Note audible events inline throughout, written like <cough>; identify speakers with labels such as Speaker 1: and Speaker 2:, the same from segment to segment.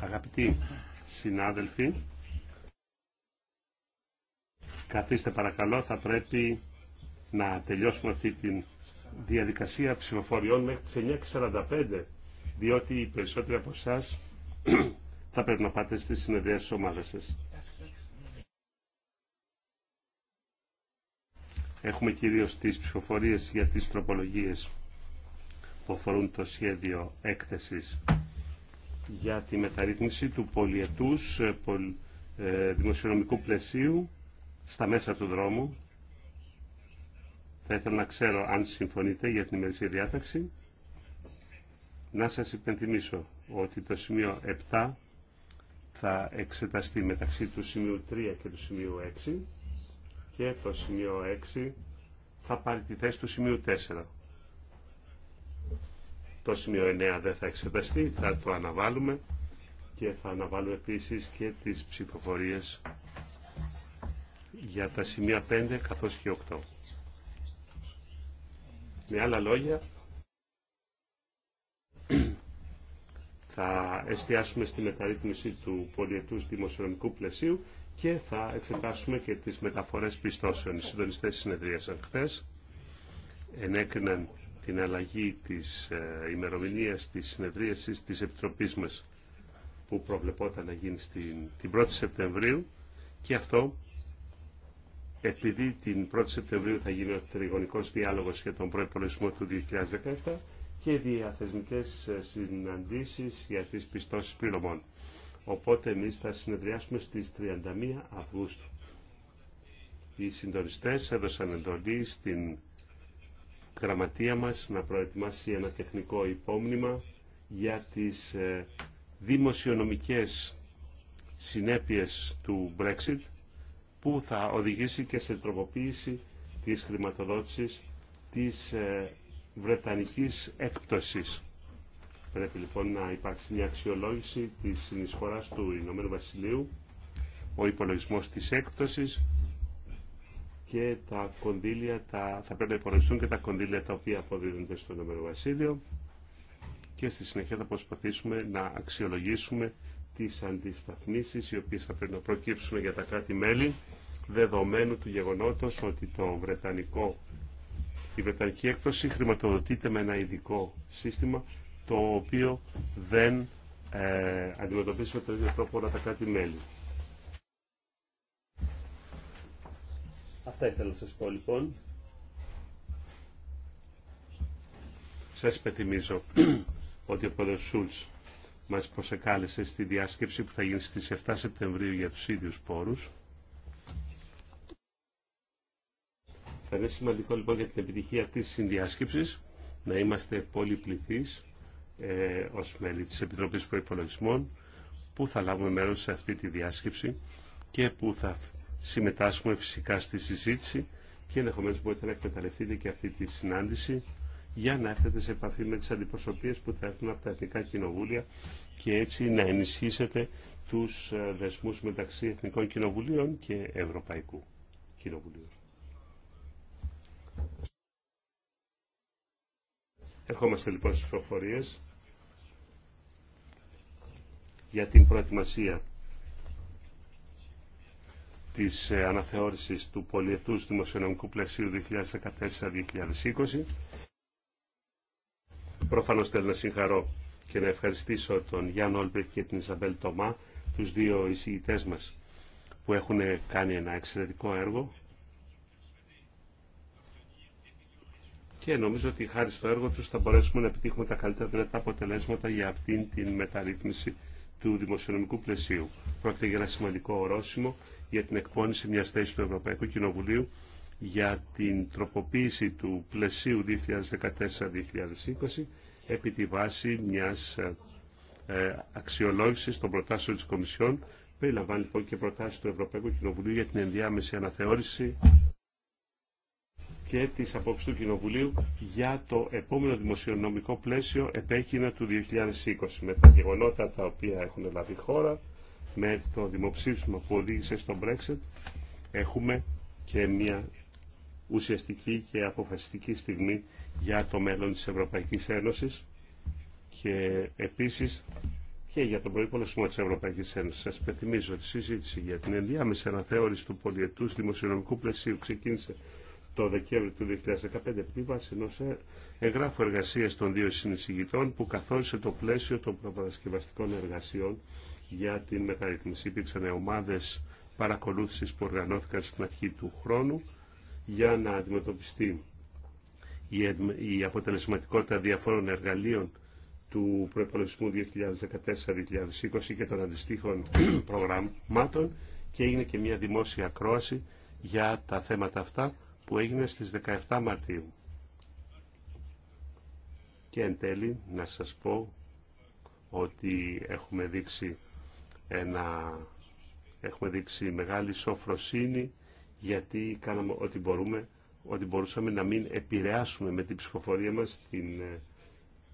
Speaker 1: Αγαπητοί συνάδελφοι, καθίστε παρακαλώ, θα πρέπει να τελειώσουμε αυτή τη διαδικασία ψηφοφοριών μέχρι τις 9.45, διότι οι περισσότεροι από εσά <clears throat> θα πρέπει να πάτε στις συνεδρίες της ομάδας σας. Έχουμε κυρίως τις ψηφοφορίες για τις τροπολογίες που αφορούν το σχέδιο έκθεσης για τη μεταρρύθμιση του πολιετούς ε, ε, δημοσιονομικού πλαισίου στα μέσα του δρόμου. Θα ήθελα να ξέρω αν συμφωνείτε για την ημερησία διάταξη. Να σας υπενθυμίσω ότι το σημείο 7 θα εξεταστεί μεταξύ του σημείου 3 και του σημείου 6 και το σημείο 6 θα πάρει τη θέση του σημείου 4. Το σημείο 9 δεν θα εξεταστεί, θα το αναβάλουμε και θα αναβάλουμε επίσης και τις ψηφοφορίες για τα σημεία 5 καθώς και 8. Με άλλα λόγια, θα εστιάσουμε στη μεταρρύθμιση του πολιετούς δημοσιονομικού πλαισίου και θα εξετάσουμε και τις μεταφορές πιστώσεων. Οι συντονιστές συνεδρίασαν χθες. ενέκριναν την αλλαγή της ε, ημερομηνίας της συνεδρίασης της Επιτροπής μας που προβλεπόταν να γίνει την 1η Σεπτεμβρίου και αυτό επειδή την 1η Σεπτεμβρίου θα γίνει ο τριγωνικός διάλογος για τον προϋπολογισμό του 2017 και διαθεσμικές ε, συναντήσεις για τις πιστώσεις πληρωμών. Οπότε εμείς θα συνεδριάσουμε στις 31 Αυγούστου. Οι συντονιστές έδωσαν εντολή στην γραμματεία μας να προετοιμάσει ένα τεχνικό υπόμνημα για τις ε, δημοσιονομικές συνέπειες του Brexit που θα οδηγήσει και σε τροποποίηση της χρηματοδότησης της ε, Βρετανικής έκπτωσης. Πρέπει λοιπόν να υπάρξει μια αξιολόγηση της συνεισφοράς του Ηνωμένου Βασιλείου, ο υπολογισμός της έκπτωσης και τα κονδύλια, τα, θα πρέπει να υπολογιστούν και τα κονδύλια τα οποία αποδίδονται στο νούμερο Βασίλειο και στη συνέχεια θα προσπαθήσουμε να αξιολογήσουμε τις αντισταθμίσεις οι οποίες θα πρέπει να προκύψουμε για τα κράτη-μέλη δεδομένου του γεγονότος ότι το Βρετανικό, η Βρετανική έκπτωση χρηματοδοτείται με ένα ειδικό σύστημα το οποίο δεν ε, με τον ίδιο τρόπο όλα τα κράτη-μέλη. Αυτά ήθελα να σας πω λοιπόν. Σας υπενθυμίζω ότι ο πρόεδρος Σούλτς μας προσεκάλεσε στη διάσκεψη που θα γίνει στις 7 Σεπτεμβρίου για τους ίδιους πόρους. Θα είναι σημαντικό λοιπόν για την επιτυχία αυτής της συνδιάσκεψης να είμαστε πολύ ε, ως μέλη της Επιτροπής Προϋπολογισμών που θα λάβουμε μέρος σε αυτή τη διάσκεψη και που θα συμμετάσχουμε φυσικά στη συζήτηση και ενδεχομένω μπορείτε να εκμεταλλευτείτε και αυτή τη συνάντηση για να έρθετε σε επαφή με τις αντιπροσωπείες που θα έρθουν από τα Εθνικά Κοινοβούλια και έτσι να ενισχύσετε τους ε, δεσμούς μεταξύ Εθνικών Κοινοβουλίων και Ευρωπαϊκού Κοινοβουλίου. Ερχόμαστε λοιπόν στις προφορίες για την προετοιμασία της ε, αναθεώρησης του πολιετούς δημοσιονομικού πλαισίου 2014-2020. Προφανώς θέλω να συγχαρώ και να ευχαριστήσω τον Γιάννο Όλμπερτ και την Ιζαμπέλ Τομά, τους δύο εισηγητές μας που έχουν κάνει ένα εξαιρετικό έργο και νομίζω ότι χάρη στο έργο τους θα μπορέσουμε να επιτύχουμε τα καλύτερα δυνατά αποτελέσματα για αυτήν την μεταρρύθμιση του δημοσιονομικού πλαισίου. Πρόκειται για ένα σημαντικό ορόσημο για την εκπόνηση μιας θέσης του Ευρωπαϊκού Κοινοβουλίου για την τροποποίηση του πλαισίου 2014-2020 επί τη βάση μιας ε, ε, αξιολόγησης των προτάσεων της Κομισιόν. Περιλαμβάνει λοιπόν και προτάσει του Ευρωπαϊκού Κοινοβουλίου για την ενδιάμεση αναθεώρηση και της απόψη του Κοινοβουλίου για το επόμενο δημοσιονομικό πλαίσιο επέκεινα του 2020 με τα γεγονότα τα οποία έχουν λάβει χώρα με το δημοψήφισμα που οδήγησε στο Brexit έχουμε και μια ουσιαστική και αποφασιστική στιγμή για το μέλλον της Ευρωπαϊκής Ένωσης και επίσης και για τον προϋπολογισμό της Ευρωπαϊκής Ένωσης. Σας υπενθυμίζω ότι η συζήτηση για την ενδιάμεση αναθεώρηση του πολιετού δημοσιονομικού πλαισίου ξεκίνησε το Δεκέμβριο του 2015 επί βάση ενό εγγράφου εργασία των δύο συνεισηγητών που καθόρισε το πλαίσιο των προπαρασκευαστικών εργασιών για την μεταρρύθμιση. Υπήρξαν ομάδες παρακολούθησης που οργανώθηκαν στην αρχή του χρόνου για να αντιμετωπιστεί η αποτελεσματικότητα διαφόρων εργαλείων του προπολογισμού 2014-2020 και των αντιστοίχων <clears throat> προγραμμάτων και έγινε και μια δημόσια ακρόαση για τα θέματα αυτά που έγινε στις 17 Μαρτίου. Και εν τέλει να σας πω ότι έχουμε δείξει ένα, έχουμε δείξει μεγάλη σοφροσύνη γιατί κάναμε ό,τι μπορούμε, ότι μπορούσαμε να μην επηρεάσουμε με την ψηφοφορία μας την ε,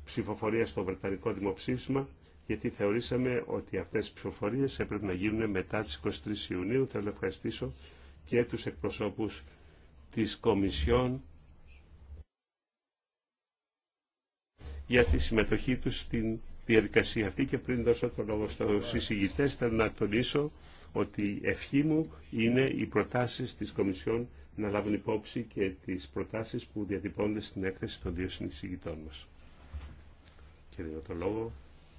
Speaker 1: ψηφοφορία στο Βρετανικό Δημοψήφισμα γιατί θεωρήσαμε ότι αυτές οι ψηφοφορίες έπρεπε να γίνουν μετά τις 23 Ιουνίου. Θέλω να ευχαριστήσω και τους εκπροσώπους της Κομισιόν για τη συμμετοχή τους στην διαδικασία αυτή και πριν δώσω το λόγο στους εισηγητές θέλω να τονίσω ότι ευχή μου είναι οι προτάσεις της Κομισιόν να λάβουν υπόψη και τις προτάσεις που διατυπώνται στην έκθεση των δύο συνεισηγητών μας. Και δίνω το λόγο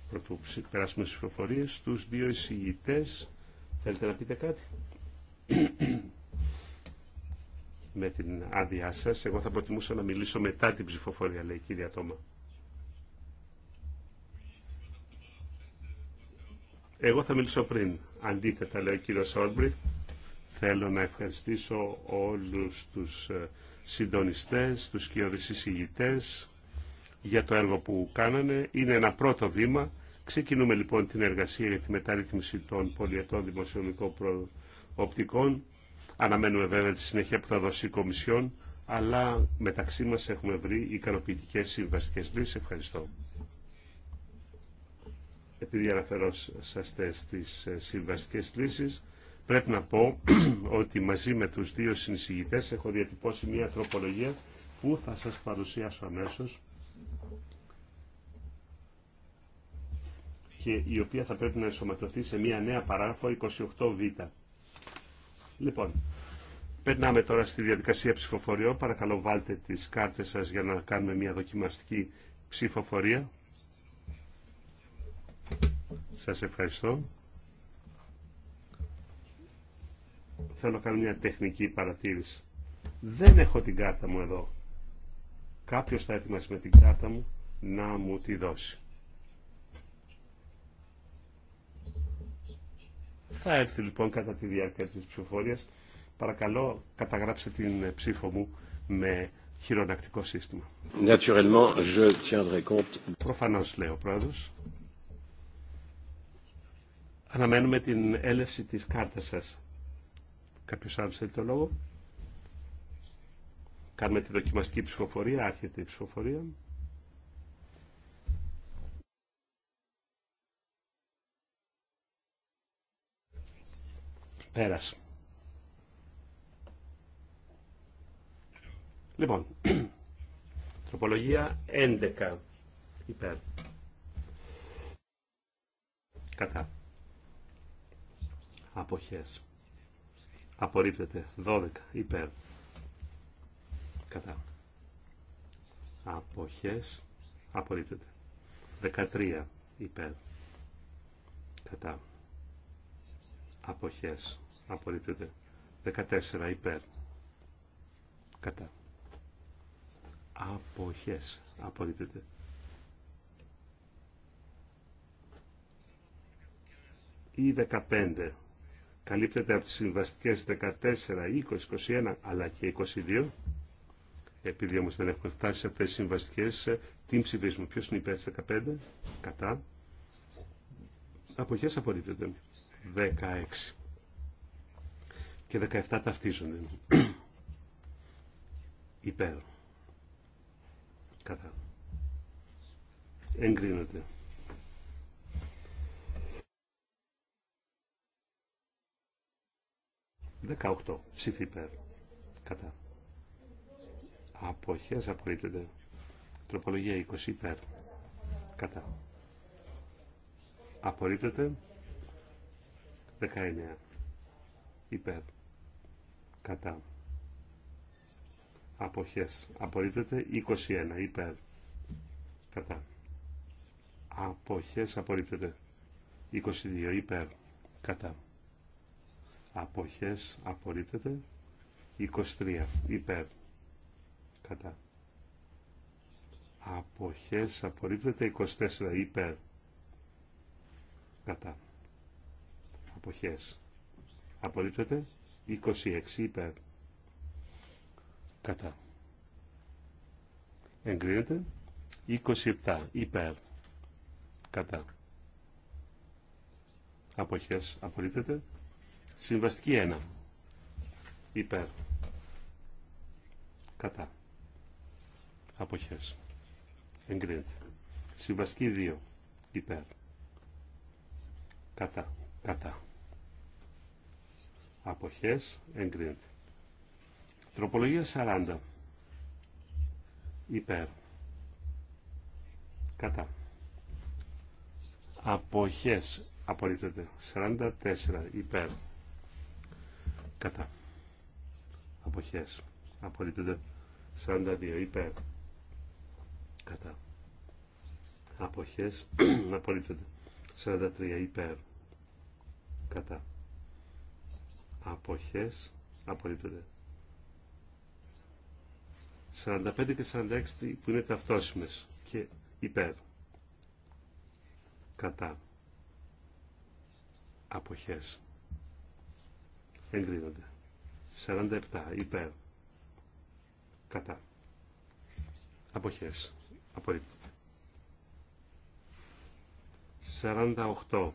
Speaker 1: πρωτού περάσουμε στις ψηφοφορίες στους δύο εισηγητές. Θέλετε να πείτε κάτι? με την άδειά σας. Εγώ θα προτιμούσα να μιλήσω μετά την ψηφοφορία, λέει η κυρία Τόμα. Εγώ θα μιλήσω πριν. Αντίθετα, λέει ο κύριος Όλμπριχτ, θέλω να ευχαριστήσω όλους τους ε, συντονιστές, τους εισηγητές για το έργο που κάνανε. Είναι ένα πρώτο βήμα. Ξεκινούμε λοιπόν την εργασία για τη μεταρρύθμιση των πολιετών δημοσιονομικών προοπτικών. Αναμένουμε βέβαια τη συνέχεια που θα δώσει η Κομισιόν, αλλά μεταξύ μας έχουμε βρει ικανοποιητικές συμβαστικές λύσεις. Ευχαριστώ επειδή αναφερόσαστε στις ε, συμβαστικές λύσεις, πρέπει να πω <clears throat> ότι μαζί με τους δύο συνεισηγητές έχω διατυπώσει μια τροπολογία που θα σας παρουσιάσω αμέσως και η οποία θα πρέπει να ενσωματωθεί σε μια νέα παράγραφο 28β. Λοιπόν, περνάμε τώρα στη διαδικασία ψηφοφοριών. Παρακαλώ βάλτε τις κάρτες σας για να κάνουμε μια δοκιμαστική ψηφοφορία. Σας ευχαριστώ. Θέλω να κάνω μια τεχνική παρατήρηση. Δεν έχω την κάρτα μου εδώ. Κάποιος θα έτοιμασει με την κάρτα μου να μου τη δώσει. Θα έρθει λοιπόν κατά τη διάρκεια της ψηφοφορίας. Παρακαλώ καταγράψτε την ψήφο μου με χειρονακτικό σύστημα. Naturellement, Προφανώς λέει ο πρόεδρος. Αναμένουμε την έλευση της κάρτας σας. Κάποιος άλλος θέλει το λόγο. Κάνουμε τη δοκιμαστική ψηφοφορία, άρχεται η ψηφοφορία. Πέρασε. Λοιπόν, <clears throat> τροπολογία 11 υπέρ. Κατά αποχές απορρίπτεται 12 υπέρ κατά αποχές απορρίπτεται 13 υπέρ κατά αποχές απορρίπτεται 14 υπέρ κατά αποχές απορρίπτεται 15 καλύπτεται από τις συμβαστικές 14, 20, 21 αλλά και 22. Επειδή όμως δεν έχουμε φτάσει σε αυτές τις συμβαστικές, ε, τι ψηφίζουμε. Ποιος είναι υπέρ 15, κατά. Αποχές απορρίπτεται. 16. Και 17 ταυτίζονται. υπέρ. Κατά. Εγκρίνονται. 18. Ψήφι υπέρ. Κατά. Αποχές απορρίπτεται. Τροπολογία 20 υπέρ. Κατά. Απορρίπτεται. 19. Υπέρ. Κατά. Αποχές. Απορρίπτεται. 21. Υπέρ. Κατά. Αποχές. Απορρίπτεται. 22. Υπέρ. Κατά αποχές απορρίπτεται 23 υπέρ κατά αποχές απορρίπτεται 24 υπέρ κατά αποχές απορρίπτεται 26 υπέρ κατά εγκρίνεται 27 υπέρ κατά αποχές απορρίπτεται Συμβαστική 1. Υπέρ. Κατά. Αποχές. Εγκρίνεται. Συμβαστική 2. Υπέρ. Κατά. Κατά. Αποχές. Εγκρίνεται. Τροπολογία 40. Υπέρ. Κατά. Αποχές. Απορρίπτεται. 44. Υπέρ κατά αποχές Απολύτωται 42 υπέρ κατά αποχές <clears throat> Απολύτωται 43 υπέρ κατά αποχές Απολύτωται 45 και 46 που είναι ταυτόσιμες και υπέρ κατά αποχές εγκρίνονται. 47 υπέρ κατά αποχές απορρίπτεται. 48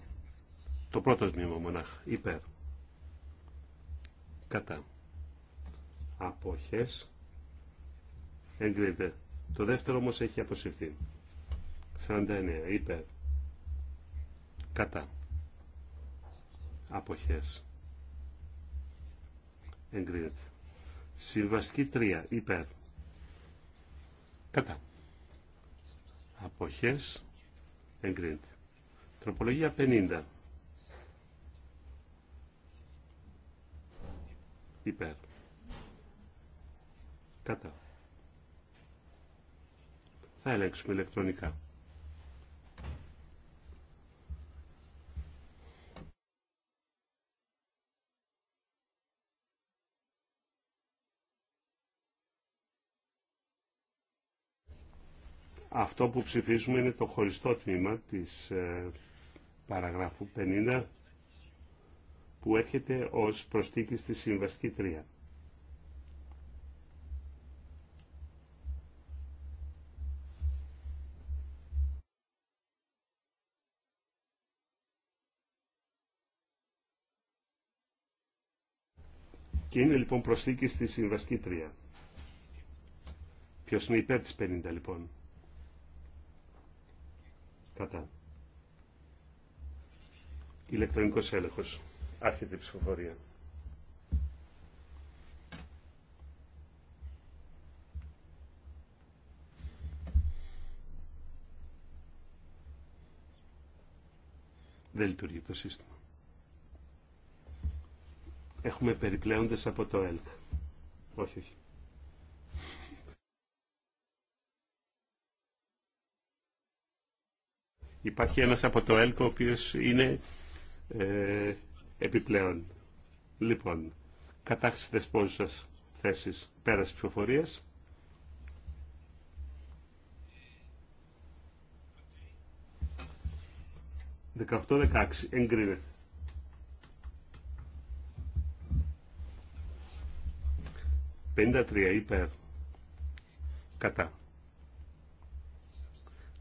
Speaker 1: το πρώτο τμήμα μονάχα υπέρ κατά αποχές εγκρίνεται. Το δεύτερο όμως έχει αποσυρθεί. 49 υπέρ κατά αποχές εγκρίνεται. Συμβαστική 3 υπέρ. Κατά. Αποχές εγκρίνεται. Τροπολογία 50. Υπέρ. Κατά. Θα ελέγξουμε ηλεκτρονικά. Αυτό που ψηφίζουμε είναι το χωριστό τμήμα της ε, παραγράφου 50 που έρχεται ως προσθήκη στη Συμβαστική 3. Και είναι λοιπόν προσθήκη στη Συμβαστική 3. Ποιος είναι υπέρ της 50 λοιπόν. Κατά. Ηλεκτρονικός έλεγχος. Άρχεται η ψηφοφορία. Δεν λειτουργεί το σύστημα. Έχουμε περιπλέοντες από το ΕΛΚ. Όχι, όχι. Υπάρχει ένας από το ΕΛΚΟ ο οποίο είναι ε, επιπλέον. Λοιπόν, κατάξιστες πώς σας θέσεις πέραση ψηφοφορίες. 18-16, εγκρίνε. 53 υπέρ κατά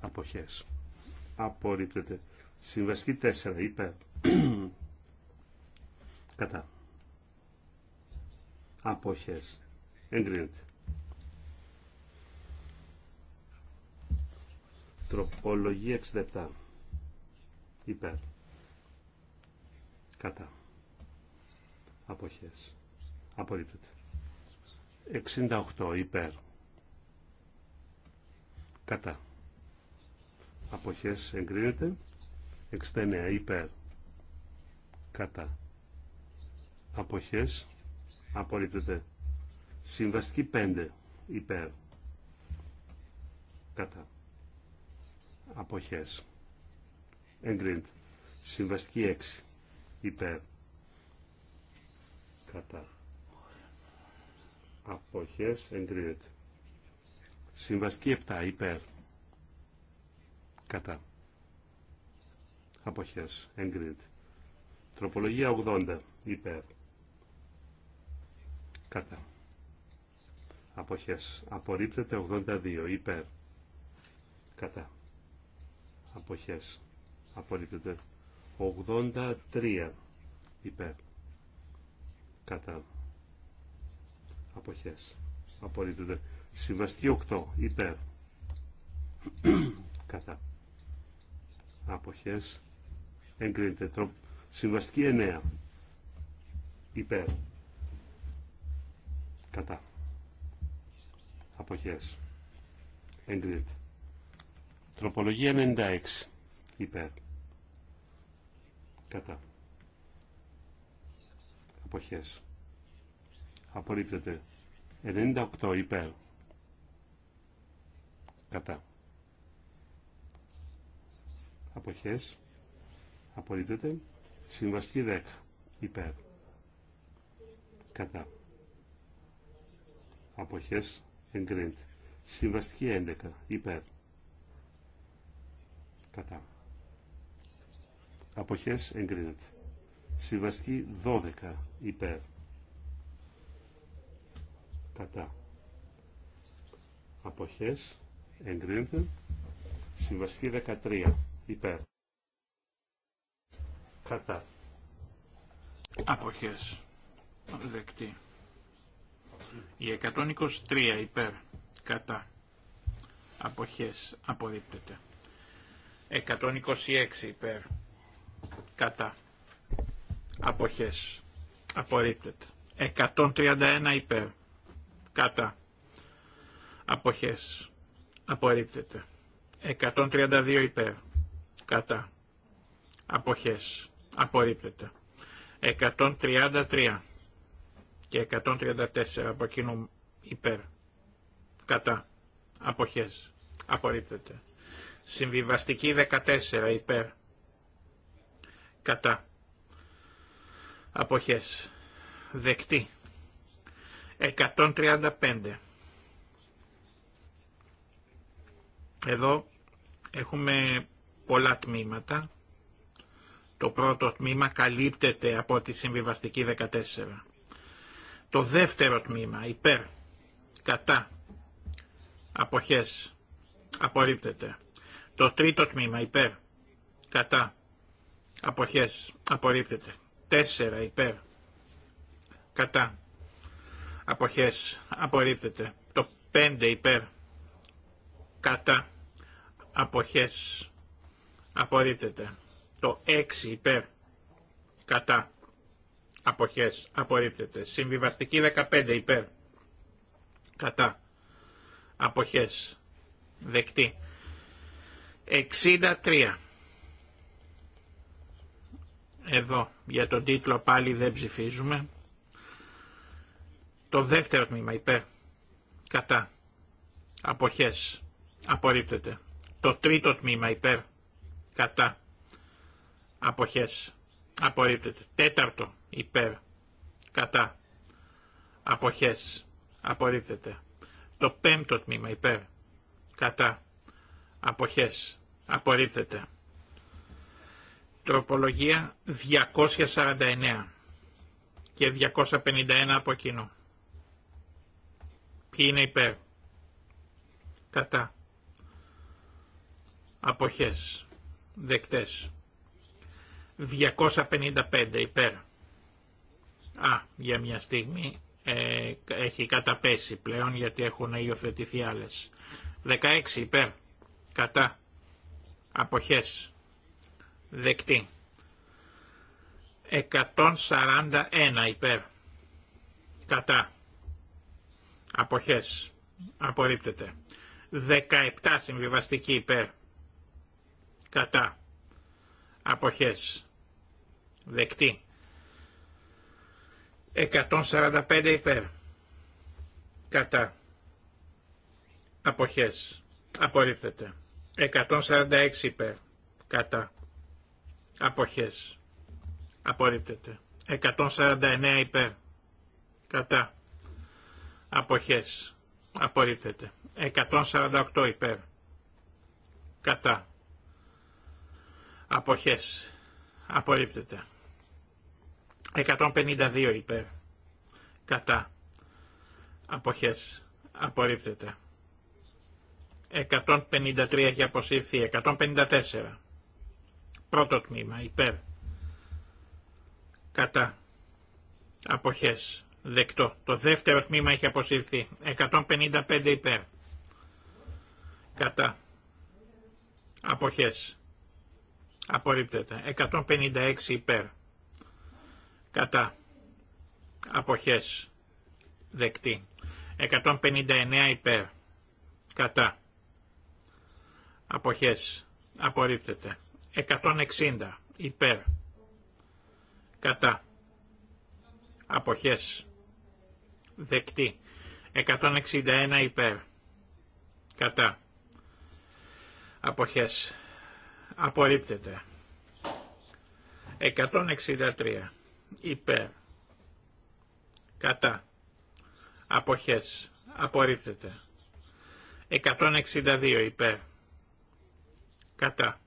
Speaker 1: αποχές απορρίπτεται. Συμβαστή 4 υπέρ. <clears throat> Κατά. Αποχές. Εγκρίνεται. Τροπολογία 67. Υπέρ. Κατά. Αποχές. Απορρίπτεται. 68. Υπέρ. Κατά αποχές εγκρίνεται 69 υπέρ κατά αποχές απορρίπτεται συμβαστική 5 υπέρ κατά αποχές εγκρίνεται συμβαστική 6 υπέρ κατά αποχές εγκρίνεται συμβαστική 7 υπέρ κατά αποχές εγκρίνεται τροπολογία 80 υπέρ κατά αποχές απορρίπτεται 82 υπέρ κατά αποχές απορρίπτεται 83 υπέρ κατά αποχές απορρίπτεται συμβαστή 8 υπέρ κατά αποχές εγκρίνεται. συμβαστική 9 υπέρ κατά αποχές εγκρίνεται. Τροπολογία 96 υπέρ κατά αποχές απορρίπτεται 98 υπέρ κατά αποχές απορρίπτεται συμβαστική 10 υπέρ κατά αποχές εγκρίνεται συμβαστική 11 υπέρ κατά αποχές εγκρίνεται συμβαστική 12 υπέρ κατά αποχές εγκρίνεται συμβαστική 13 υπέρ. Κατά. Αποχές. Δεκτή.
Speaker 2: Η 123 υπέρ. Κατά. Αποχές. Απορρίπτεται. 126 υπέρ. Κατά. Αποχές. Απορρίπτεται. 131 υπέρ. Κατά. Αποχές. Απορρίπτεται. 132 υπέρ κατά αποχές απορρίπτεται 133 και 134 από εκείνο υπέρ κατά αποχές απορρίπτεται συμβιβαστική 14 υπέρ κατά αποχές δεκτή 135 εδώ έχουμε πολλά τμήματα. Το πρώτο τμήμα καλύπτεται από τη συμβιβαστική 14. Το δεύτερο τμήμα υπέρ, κατά, αποχές, απορρίπτεται. Το τρίτο τμήμα υπέρ, κατά, αποχές, απορρίπτεται. Τέσσερα υπέρ, κατά, αποχές, απορρίπτεται. Το πέντε υπέρ, κατά, αποχές, απορρίπτεται. Το 6 υπέρ κατά αποχές απορρίπτεται. Συμβιβαστική 15 υπέρ κατά αποχές δεκτή. 63. Εδώ για τον τίτλο πάλι δεν ψηφίζουμε. Το δεύτερο τμήμα υπέρ κατά αποχές απορρίπτεται. Το τρίτο τμήμα υπέρ κατά αποχές απορρίπτεται. Τέταρτο υπέρ κατά αποχές απορρίπτεται. Το πέμπτο τμήμα υπέρ κατά αποχές απορρίπτεται. Τροπολογία 249 και 251 από κοινό Ποιοι είναι υπέρ. Κατά. Αποχές. Δεκτές. 255 υπέρ. Α, για μια στιγμή ε, έχει καταπέσει πλέον γιατί έχουν υιοθετηθεί άλλες. 16 υπέρ. Κατά. Αποχές. Δεκτή. 141 υπέρ. Κατά. Αποχές. Απορρίπτεται. 17 συμβιβαστική υπέρ κατά αποχές δεκτή 145 υπέρ κατά αποχές απορρίπτεται 146 υπέρ κατά αποχές απορρίπτεται 149 υπέρ κατά αποχές απορρίπτεται 148 υπέρ κατά Αποχές. Απορρίπτεται. 152 υπέρ. Κατά. Αποχές. Απορρίπτεται. 153 έχει αποσύρθει. 154. Πρώτο τμήμα υπέρ. Κατά. Αποχές. Δεκτό. Το δεύτερο τμήμα έχει αποσύρθει. 155 υπέρ. Κατά. Αποχές Απορρίπτεται. 156 υπέρ. Κατά. Αποχές. Δεκτή. 159 υπέρ. Κατά. Αποχές. Απορρίπτεται. 160 υπέρ. Κατά. Αποχές. Δεκτή. 161 υπέρ. Κατά. Αποχές Απορρίπτεται. 163. Υπέρ. Κατά. Αποχές. Απορρίπτεται. 162 υπέρ. Κατά.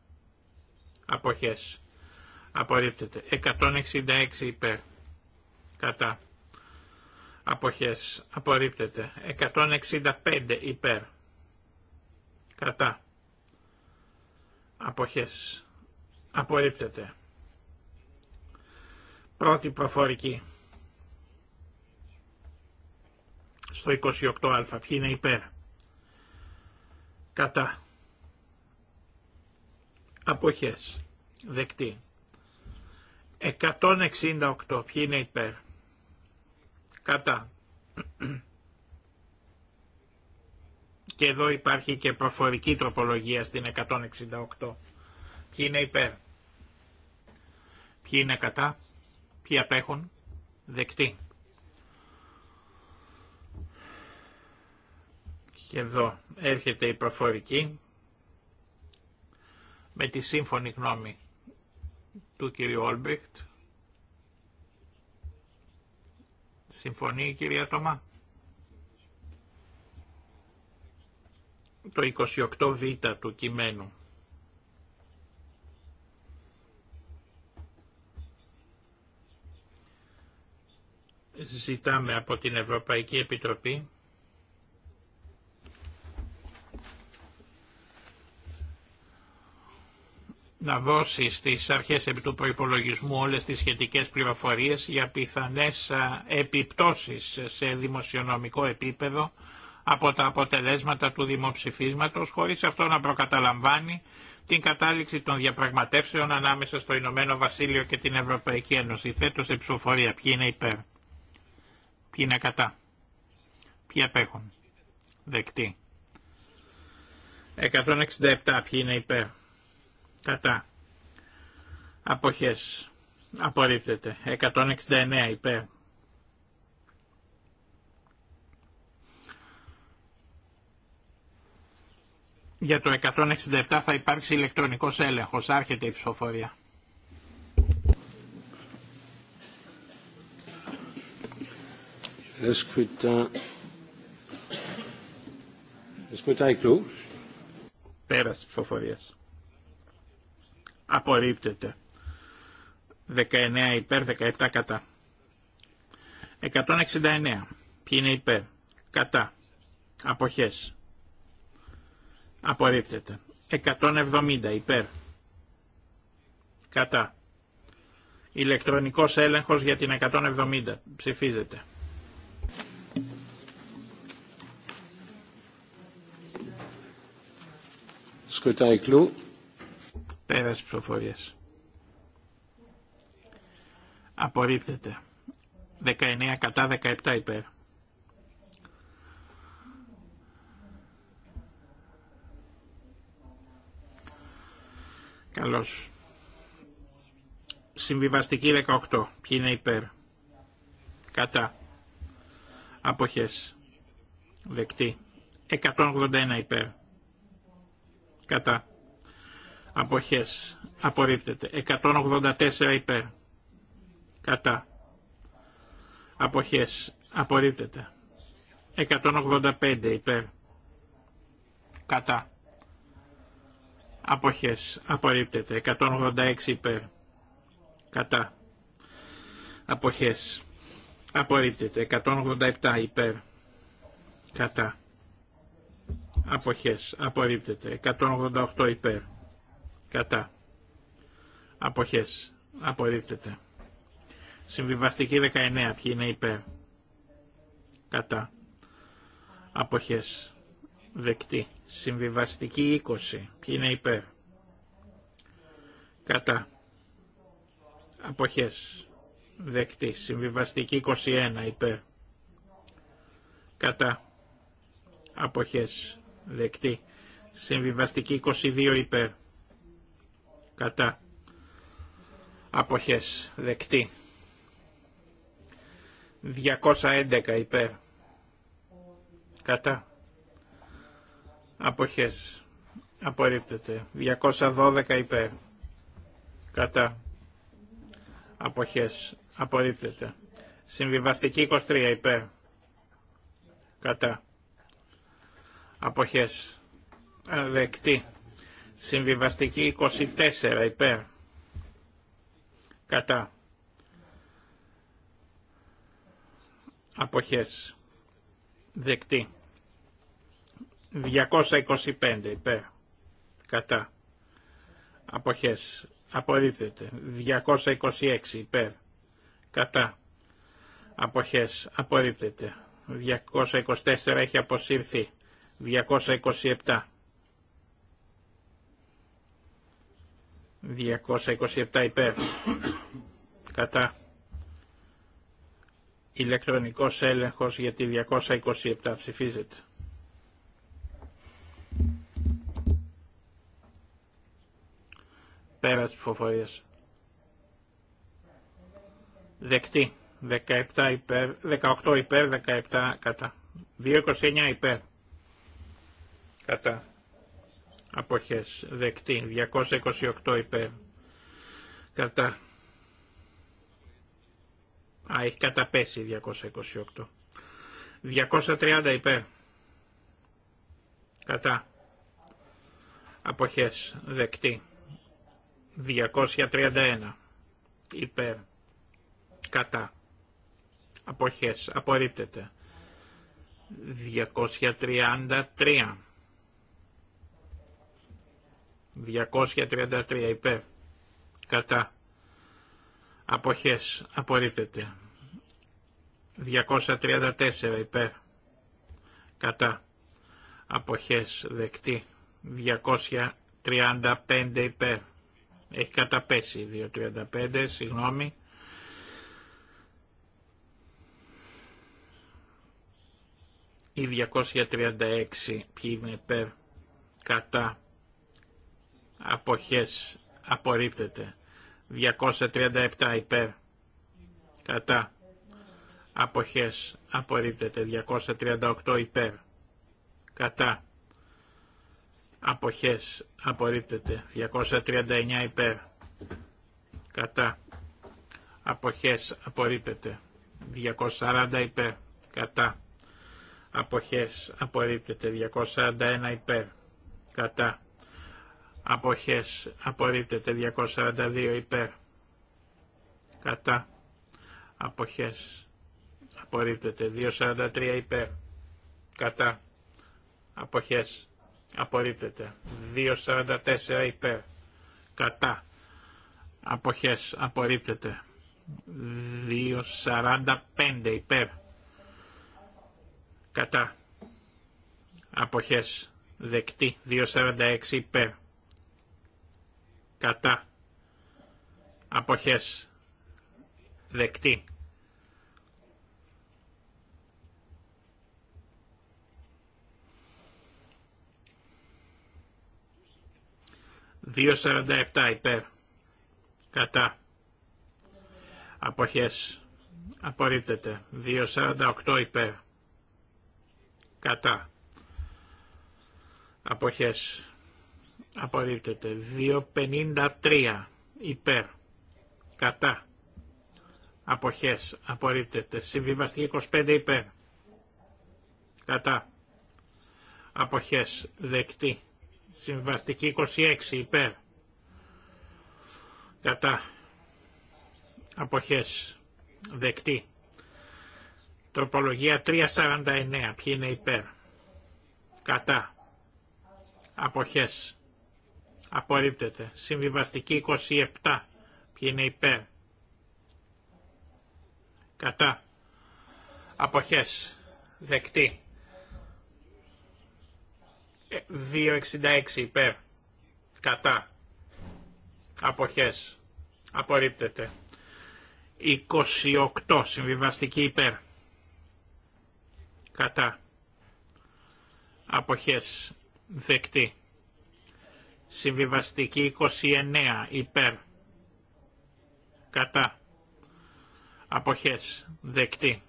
Speaker 2: Αποχές. Απορρίπτεται. 166 υπέρ. Κατά. Αποχές. Απορρίπτεται. 165 υπέρ. Κατά. Αποχές. Απορρίπτεται. Πρώτη προφορική. Στο 28α. Ποιοι είναι υπέρ. Κατά. Αποχές. Δεκτή. 168. Ποιοι είναι υπέρ. Κατά. Και εδώ υπάρχει και προφορική τροπολογία στην 168. Ποιοι είναι υπέρ. Ποιοι είναι κατά. Ποιοι απέχουν. Δεκτή. Και εδώ έρχεται η προφορική με τη σύμφωνη γνώμη του κυρίου Όλμπριχτ. Συμφωνεί η κυρία Τωμά. το 28β του κειμένου. Ζητάμε από την Ευρωπαϊκή Επιτροπή να δώσει στις αρχές του προϋπολογισμού όλες τις σχετικές πληροφορίες για πιθανές επιπτώσεις σε δημοσιονομικό επίπεδο από τα αποτελέσματα του δημοψηφίσματος χωρίς αυτό να προκαταλαμβάνει την κατάληξη των διαπραγματεύσεων ανάμεσα στο Ηνωμένο Βασίλειο και την Ευρωπαϊκή Ένωση. Θέτω σε ψηφοφορία ποιοι είναι υπέρ, ποιοι είναι κατά, ποιοι απέχουν, δεκτή. 167 ποιοι είναι υπέρ, κατά, αποχές, απορρίπτεται. 169 υπέρ, Για το 167 θα υπάρξει ηλεκτρονικός έλεγχος. Άρχεται η ψηφοφορία.
Speaker 1: Le scrutin. Le
Speaker 2: Πέρας ψηφοφορίας. Απορρίπτεται. 19 υπέρ, 17 κατά. 169. Ποιοι είναι υπέρ. Κατά. Αποχές. Απορρίπτεται. 170 υπέρ. Κατά. Ηλεκτρονικός έλεγχος για την 170. Ψηφίζεται. Σκοτά εκλού. Πέρας ψηφοφορίες. Απορρίπτεται. 19 κατά 17 υπέρ. Καλώς. Συμβιβαστική 18. Ποιοι είναι υπέρ. Κατά. Αποχές. Δεκτή. 181 υπέρ. Κατά. Αποχές. Απορρίπτεται. 184 υπέρ. Κατά. Αποχές. Απορρίπτεται. 185 υπέρ. Κατά. Αποχές. Απορρίπτεται. 186 υπέρ. Κατά. Αποχές. Απορρίπτεται. 187 υπέρ. Κατά. Αποχές. Απορρίπτεται. 188 υπέρ. Κατά. Αποχές. Απορρίπτεται. Συμβιβαστική 19. Ποιοι είναι υπέρ. Κατά. Αποχές δεκτή. Συμβιβαστική 20. Ποιοι είναι υπέρ. Κατά. Αποχές. Δεκτή. Συμβιβαστική 21. Υπέρ. Κατά. Αποχές. Δεκτή. Συμβιβαστική 22. Υπέρ. Κατά. Αποχές. Δεκτή. 211 υπέρ. Κατά Αποχές. Απορρίπτεται. 212 υπέρ. Κατά. Αποχές. Απορρίπτεται. Συμβιβαστική 23 υπέρ. Κατά. Αποχές. Δεκτή. Συμβιβαστική 24 υπέρ. Κατά. Αποχές. Δεκτή. 225 υπέρ. Κατά. Αποχές. Απορρίπτεται. 226 υπέρ. Κατά. Αποχές. Απορρίπτεται. 224 έχει αποσύρθει. 227. 227 υπέρ. Κατά. Ηλεκτρονικός έλεγχος για τη 227 ψηφίζεται. Πέρας ψηφοφορίας. Δεκτή. 17 υπέρ, 18 υπέρ, 17 κατά. 2,29 υπέρ. Κατά. Αποχές. Δεκτή. 228 υπέρ. Κατά. Α, έχει καταπέσει 228. 230 υπέρ. Κατά. Αποχές. Δεκτή. 231 υπέρ κατά αποχές απορρίπτεται 233 233 υπέρ κατά αποχές απορρίπτεται 234 υπέρ κατά αποχές δεκτή 235 υπέρ έχει καταπέσει 2.35, συγγνώμη. Η 236 ποιοι είναι υπέρ, κατά, αποχές, απορρίπτεται. 237 υπέρ, κατά, αποχές, απορρίπτεται. 238 υπέρ, κατά, Αποχές. Απορρίπτεται. 239 υπέρ. Κατά. Αποχές. Απορρίπτεται. 240 υπέρ. Κατά. Αποχές. Απορρίπτεται. 241 υπέρ. Κατά. Αποχές. Απορρίπτεται. 242 υπέρ. Κατά. Αποχές. Απορρίπτεται. 243 υπέρ. Κατά. Αποχές Απορρίπτεται. 2.44 υπέρ. Κατά. Αποχές. Απορρίπτεται. 2.45 υπέρ. Κατά. Αποχές. Δεκτή. 2.46 υπέρ. Κατά. Αποχές. Δεκτή. 2.47 υπέρ. Κατά. Αποχές. Απορρίπτεται. 2.48 υπέρ. Κατά. Αποχές. Απορρίπτεται. 2.53 υπέρ. Κατά. Αποχές. Απορρίπτεται. Συμβιβαστή 25 υπέρ. Κατά. Αποχές. Δεκτή. Συμβαστική 26 υπέρ. Κατά. Αποχές. Δεκτή. Τροπολογία 349. Ποιοι είναι υπέρ. Κατά. Αποχές. Απορρίπτεται. Συμβιβαστική 27. Ποιοι είναι υπέρ. Κατά. Αποχές. Δεκτή. 2.66 ε, υπέρ. Κατά. Αποχές. Απορρίπτεται. 28 συμβιβαστική υπέρ. Κατά. Αποχές. Δεκτή. Συμβιβαστική 29 υπέρ. Κατά. Αποχές. Δεκτή.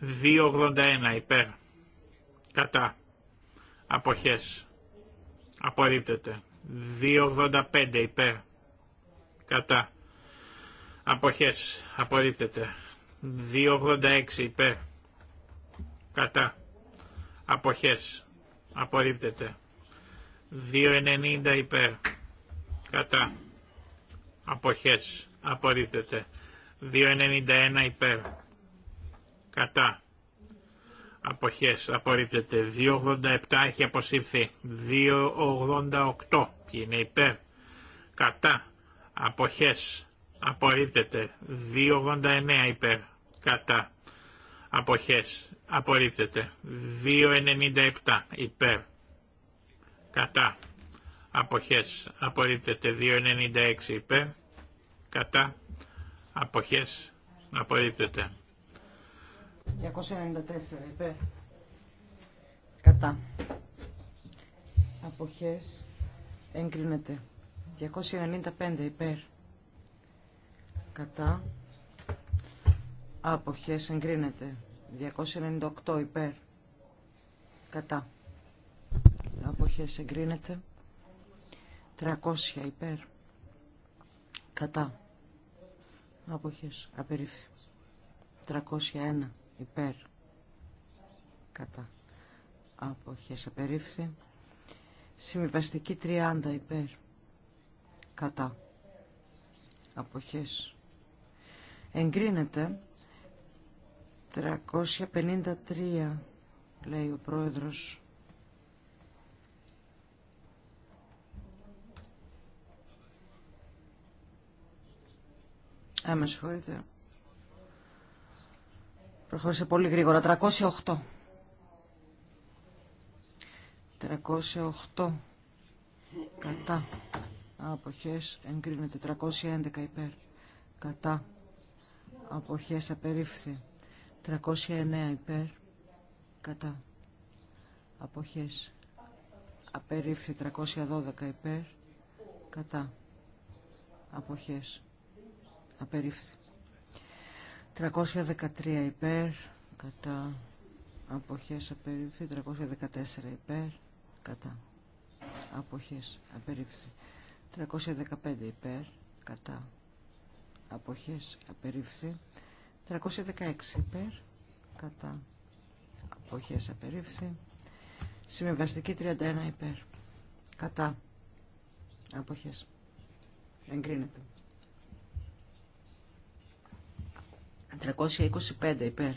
Speaker 2: 281 υπέρ. Κατά. Αποχές. Απορρίπτεται. 285 υπέρ. Κατά. Αποχές. Απορρίπτεται. 286 υπέρ. Κατά. Αποχές. Απορρίπτεται. 290 υπέρ. Κατά. Αποχές. Απορρίπτεται. 291 υπέρ κατά αποχές απορρίπτεται 2.87 έχει αποσύρθει 2.88 ποιοι είναι υπέρ κατά αποχές απορρίπτεται 2.89 υπέρ κατά αποχές απορρίπτεται 2.97 υπέρ κατά αποχές απορρίπτεται 2.96 υπέρ κατά αποχές απορρίπτεται
Speaker 3: 294 υπέρ. Κατά. Αποχές. Εγκρίνεται. 295 υπέρ. Κατά. Αποχές εγκρίνεται. 298 υπέρ. Κατά. Αποχές εγκρίνεται. 300 υπέρ. Κατά. Αποχές. Απερίφθη. 301 υπέρ κατά αποχές απερίφθη συμβιβαστική 30 υπέρ κατά αποχές εγκρίνεται 353 λέει ο πρόεδρος Α, ε, με Προχώρησε πολύ γρήγορα. 308. 308. Κατά. Αποχές εγκρίνεται. 311 υπέρ. Κατά. Αποχές απερίφθη. 309 υπέρ. Κατά. Αποχές. Απερίφθη 312 υπέρ. Κατά. Αποχές. Απερίφθη. 313 υπέρ, κατά αποχές απερίφθη. 314 υπέρ, κατά αποχές απερίφθη. 315 υπέρ, κατά αποχές απερίφθη. 316 υπέρ, κατά αποχές απερίφθη. συμμεβαστική 31 υπέρ, κατά αποχές. Εγκρίνεται. 325 υπέρ.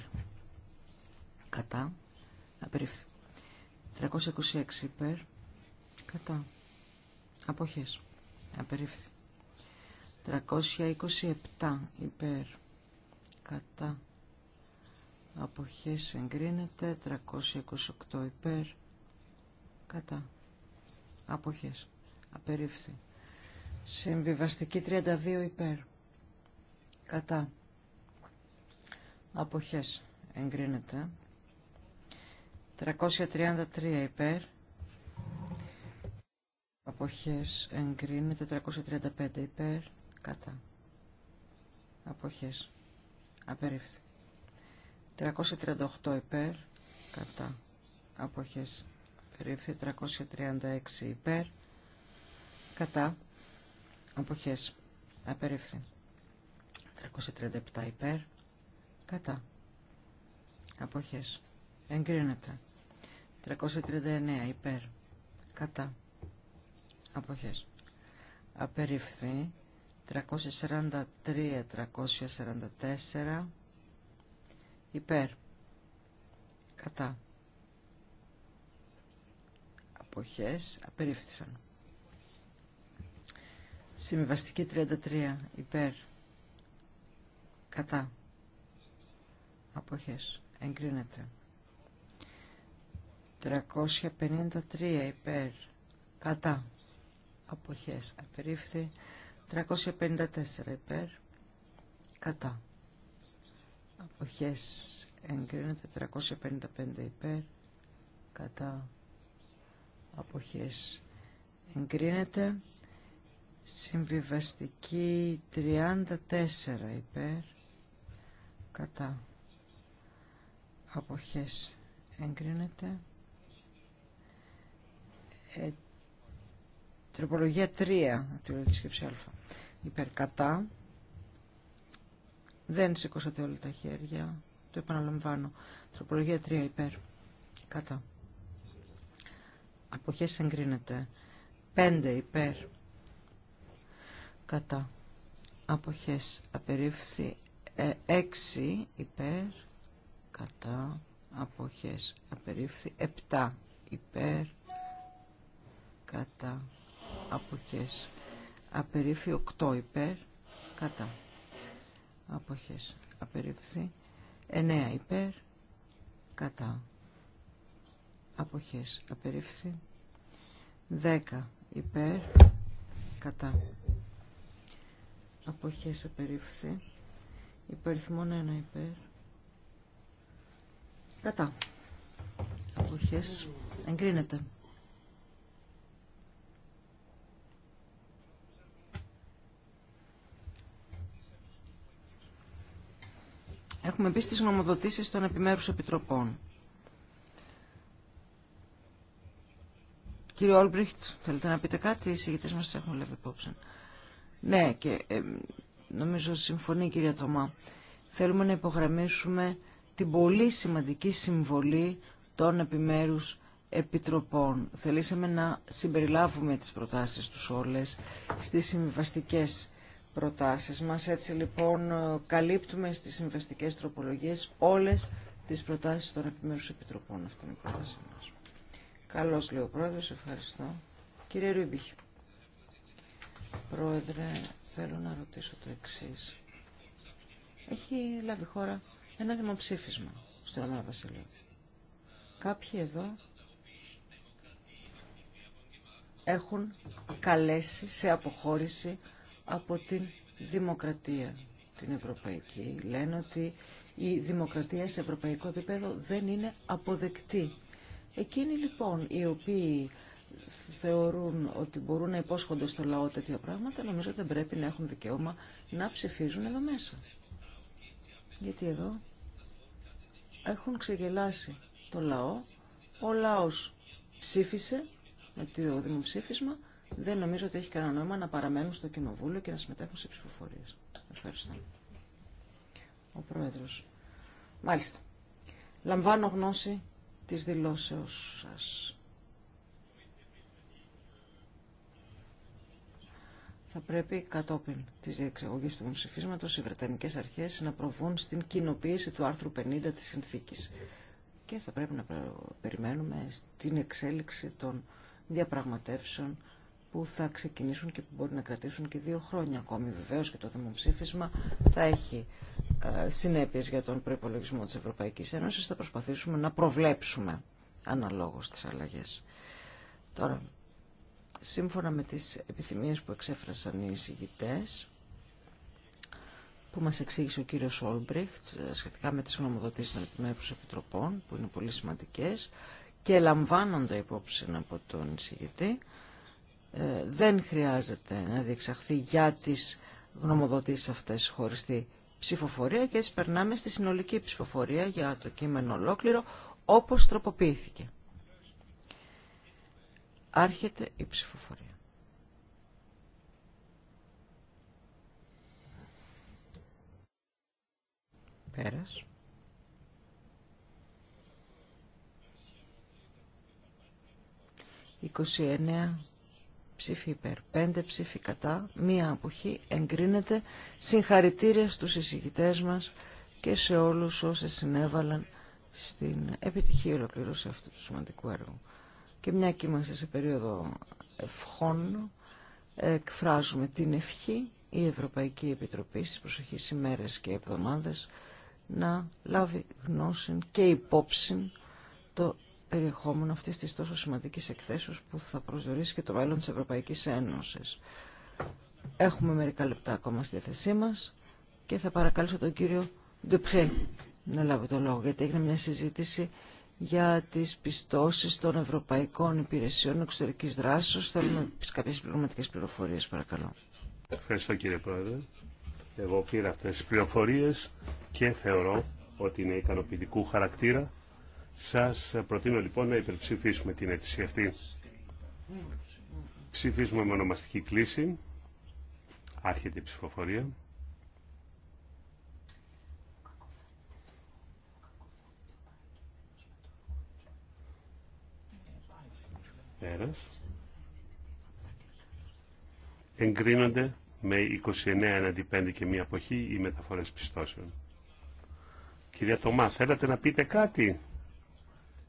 Speaker 3: Κατά. Απερίφθη. 326 υπέρ. Κατά. Αποχές. Απερίφθη. 327 υπέρ. Κατά. Αποχές εγκρίνεται. 328 υπέρ. Κατά. Αποχές. Απερίφθη. Συμβιβαστική 32 υπέρ. Κατά αποχές εγκρίνεται 333 υπέρ αποχές εγκρίνεται 335 υπέρ κατά αποχές απερίφθη 338 υπέρ κατά αποχές απερίφθη 336 υπέρ κατά αποχές απερίφθη 337 υπέρ κατά αποχές εγκρίνεται 339 υπέρ κατά αποχές Απερίφθη. 343 344 υπέρ κατά αποχές απερίφθησαν Συμβαστική 33 υπέρ κατά αποχές εγκρίνεται 353 υπέρ κατά αποχές απερίφθη 354 υπέρ κατά αποχές εγκρίνεται 355 υπέρ κατά αποχές εγκρίνεται συμβιβαστική 34 υπέρ κατά αποχές εγκρίνεται ε, τροπολογία 3 του σκέψη α υπέρ κατά δεν σηκώσατε όλα τα χέρια το επαναλαμβάνω τροπολογία 3 υπέρ κατά αποχές εγκρίνεται 5 υπέρ κατά αποχές απερίφθη 6 ε, υπέρ κατά αποχές απερίφθη 7 υπέρ κατά αποχές απερίφθη 8 υπέρ κατά αποχές απερίφθη 9 υπέρ κατά αποχές απερίφθη 10 υπέρ κατά αποχές απερίφθη υπεριθμόν 1 υπέρ Κατά. Αποχές. Εγκρίνεται. Έχουμε επίσης στις νομοδοτήσεις των επιμέρους επιτροπών. Κύριε Όλμπριχτ, θέλετε να πείτε κάτι, οι συγγητές μας έχουν λάβει υπόψη. Ναι, και νομίζω συμφωνεί η κυρία Τωμά. Θέλουμε να υπογραμμίσουμε την πολύ σημαντική συμβολή των επιμέρους επιτροπών. Θελήσαμε να συμπεριλάβουμε τις προτάσεις τους όλες στις συμβαστικές προτάσεις μας. Έτσι λοιπόν καλύπτουμε στις συμβαστικές τροπολογίες όλες τις προτάσεις των επιμέρους επιτροπών. Αυτή είναι η προτάση μας. Καλώς λέει ο Πρόεδρος, ευχαριστώ. Κύριε Ρούμπιχ, Πρόεδρε, θέλω να ρωτήσω το εξής. Έχει λάβει χώρα ένα δημοψήφισμα στο Ρωμανό Βασίλειο. Κάποιοι εδώ έχουν καλέσει σε αποχώρηση από την δημοκρατία την ευρωπαϊκή. Λένε ότι η δημοκρατία σε ευρωπαϊκό επίπεδο δεν είναι αποδεκτή. Εκείνοι λοιπόν οι οποίοι θεωρούν ότι μπορούν να υπόσχονται στο λαό τέτοια πράγματα, νομίζω ότι δεν πρέπει να έχουν δικαίωμα να ψηφίζουν εδώ μέσα γιατί εδώ έχουν ξεγελάσει το λαό. Ο λαός ψήφισε με το δημοψήφισμα. Δεν νομίζω ότι έχει κανένα νόημα να παραμένουν στο κοινοβούλιο και να συμμετέχουν σε ψηφοφορίες. Ευχαριστώ. Ο Πρόεδρος. Μάλιστα. Λαμβάνω γνώση της δηλώσεως σας. θα πρέπει κατόπιν τη διεξαγωγή του δημοψηφίσματο οι βρετανικέ αρχέ να προβούν στην κοινοποίηση του άρθρου 50 τη συνθήκη. και θα πρέπει να περιμένουμε την εξέλιξη των διαπραγματεύσεων που θα ξεκινήσουν και που μπορεί να κρατήσουν και δύο χρόνια ακόμη. βεβαίω και το δημοψήφισμα θα έχει ε, συνέπειε για τον προπολογισμό τη Ευρωπαϊκή Ένωση. Θα προσπαθήσουμε να προβλέψουμε αναλόγω τι αλλαγέ. Τώρα, σύμφωνα με τις επιθυμίες που εξέφρασαν οι εισηγητές που μας εξήγησε ο κύριος Όλμπριχτ ε, σχετικά με τις γνωμοδοτήσεις των επιμέρους επιτροπών που είναι πολύ σημαντικές και λαμβάνονται υπόψη από τον εισηγητή ε, δεν χρειάζεται να διεξαχθεί για τις γνωμοδοτήσεις αυτές χωριστή ψηφοφορία και έτσι περνάμε στη συνολική ψηφοφορία για το κείμενο ολόκληρο όπως τροποποιήθηκε. Άρχεται η ψηφοφορία. Πέρας. «29 ψήφοι υπέρ, 5 ψήφοι κατά, μία αποχή εγκρίνεται συγχαρητήρια στους εισηγητές μας και σε όλους όσοι συνέβαλαν στην επιτυχή ολοκλήρωση αυτού του σημαντικού έργου και μια και είμαστε σε περίοδο ευχών, εκφράζουμε την ευχή η Ευρωπαϊκή Επιτροπή στις προσεχείς ημέρες και εβδομάδες να λάβει γνώση και υπόψη το περιεχόμενο αυτής της τόσο σημαντικής εκθέσεως που θα προσδιορίσει και το μέλλον της Ευρωπαϊκής Ένωσης. Έχουμε μερικά λεπτά ακόμα στη διαθεσή μας και θα παρακαλέσω τον κύριο Ντεπρέ να λάβει το λόγο γιατί έγινε μια συζήτηση για τις πιστώσεις των Ευρωπαϊκών Υπηρεσιών Εξωτερικής Δράσης. Θέλουμε κάποιες πληρωματικές πληροφορίες, παρακαλώ.
Speaker 1: Ευχαριστώ κύριε Πρόεδρε. Εγώ πήρα αυτές τις πληροφορίες και θεωρώ ότι είναι ικανοποιητικού χαρακτήρα. Σας προτείνω λοιπόν να υπερψηφίσουμε την αίτηση αυτή. Ψηφίσουμε με ονομαστική κλίση. Άρχεται η ψηφοφορία. Εγκρίνονται με 29 έναντι 5 και μία αποχή οι μεταφορές πιστώσεων. Κυρία Τωμά, θέλατε να πείτε κάτι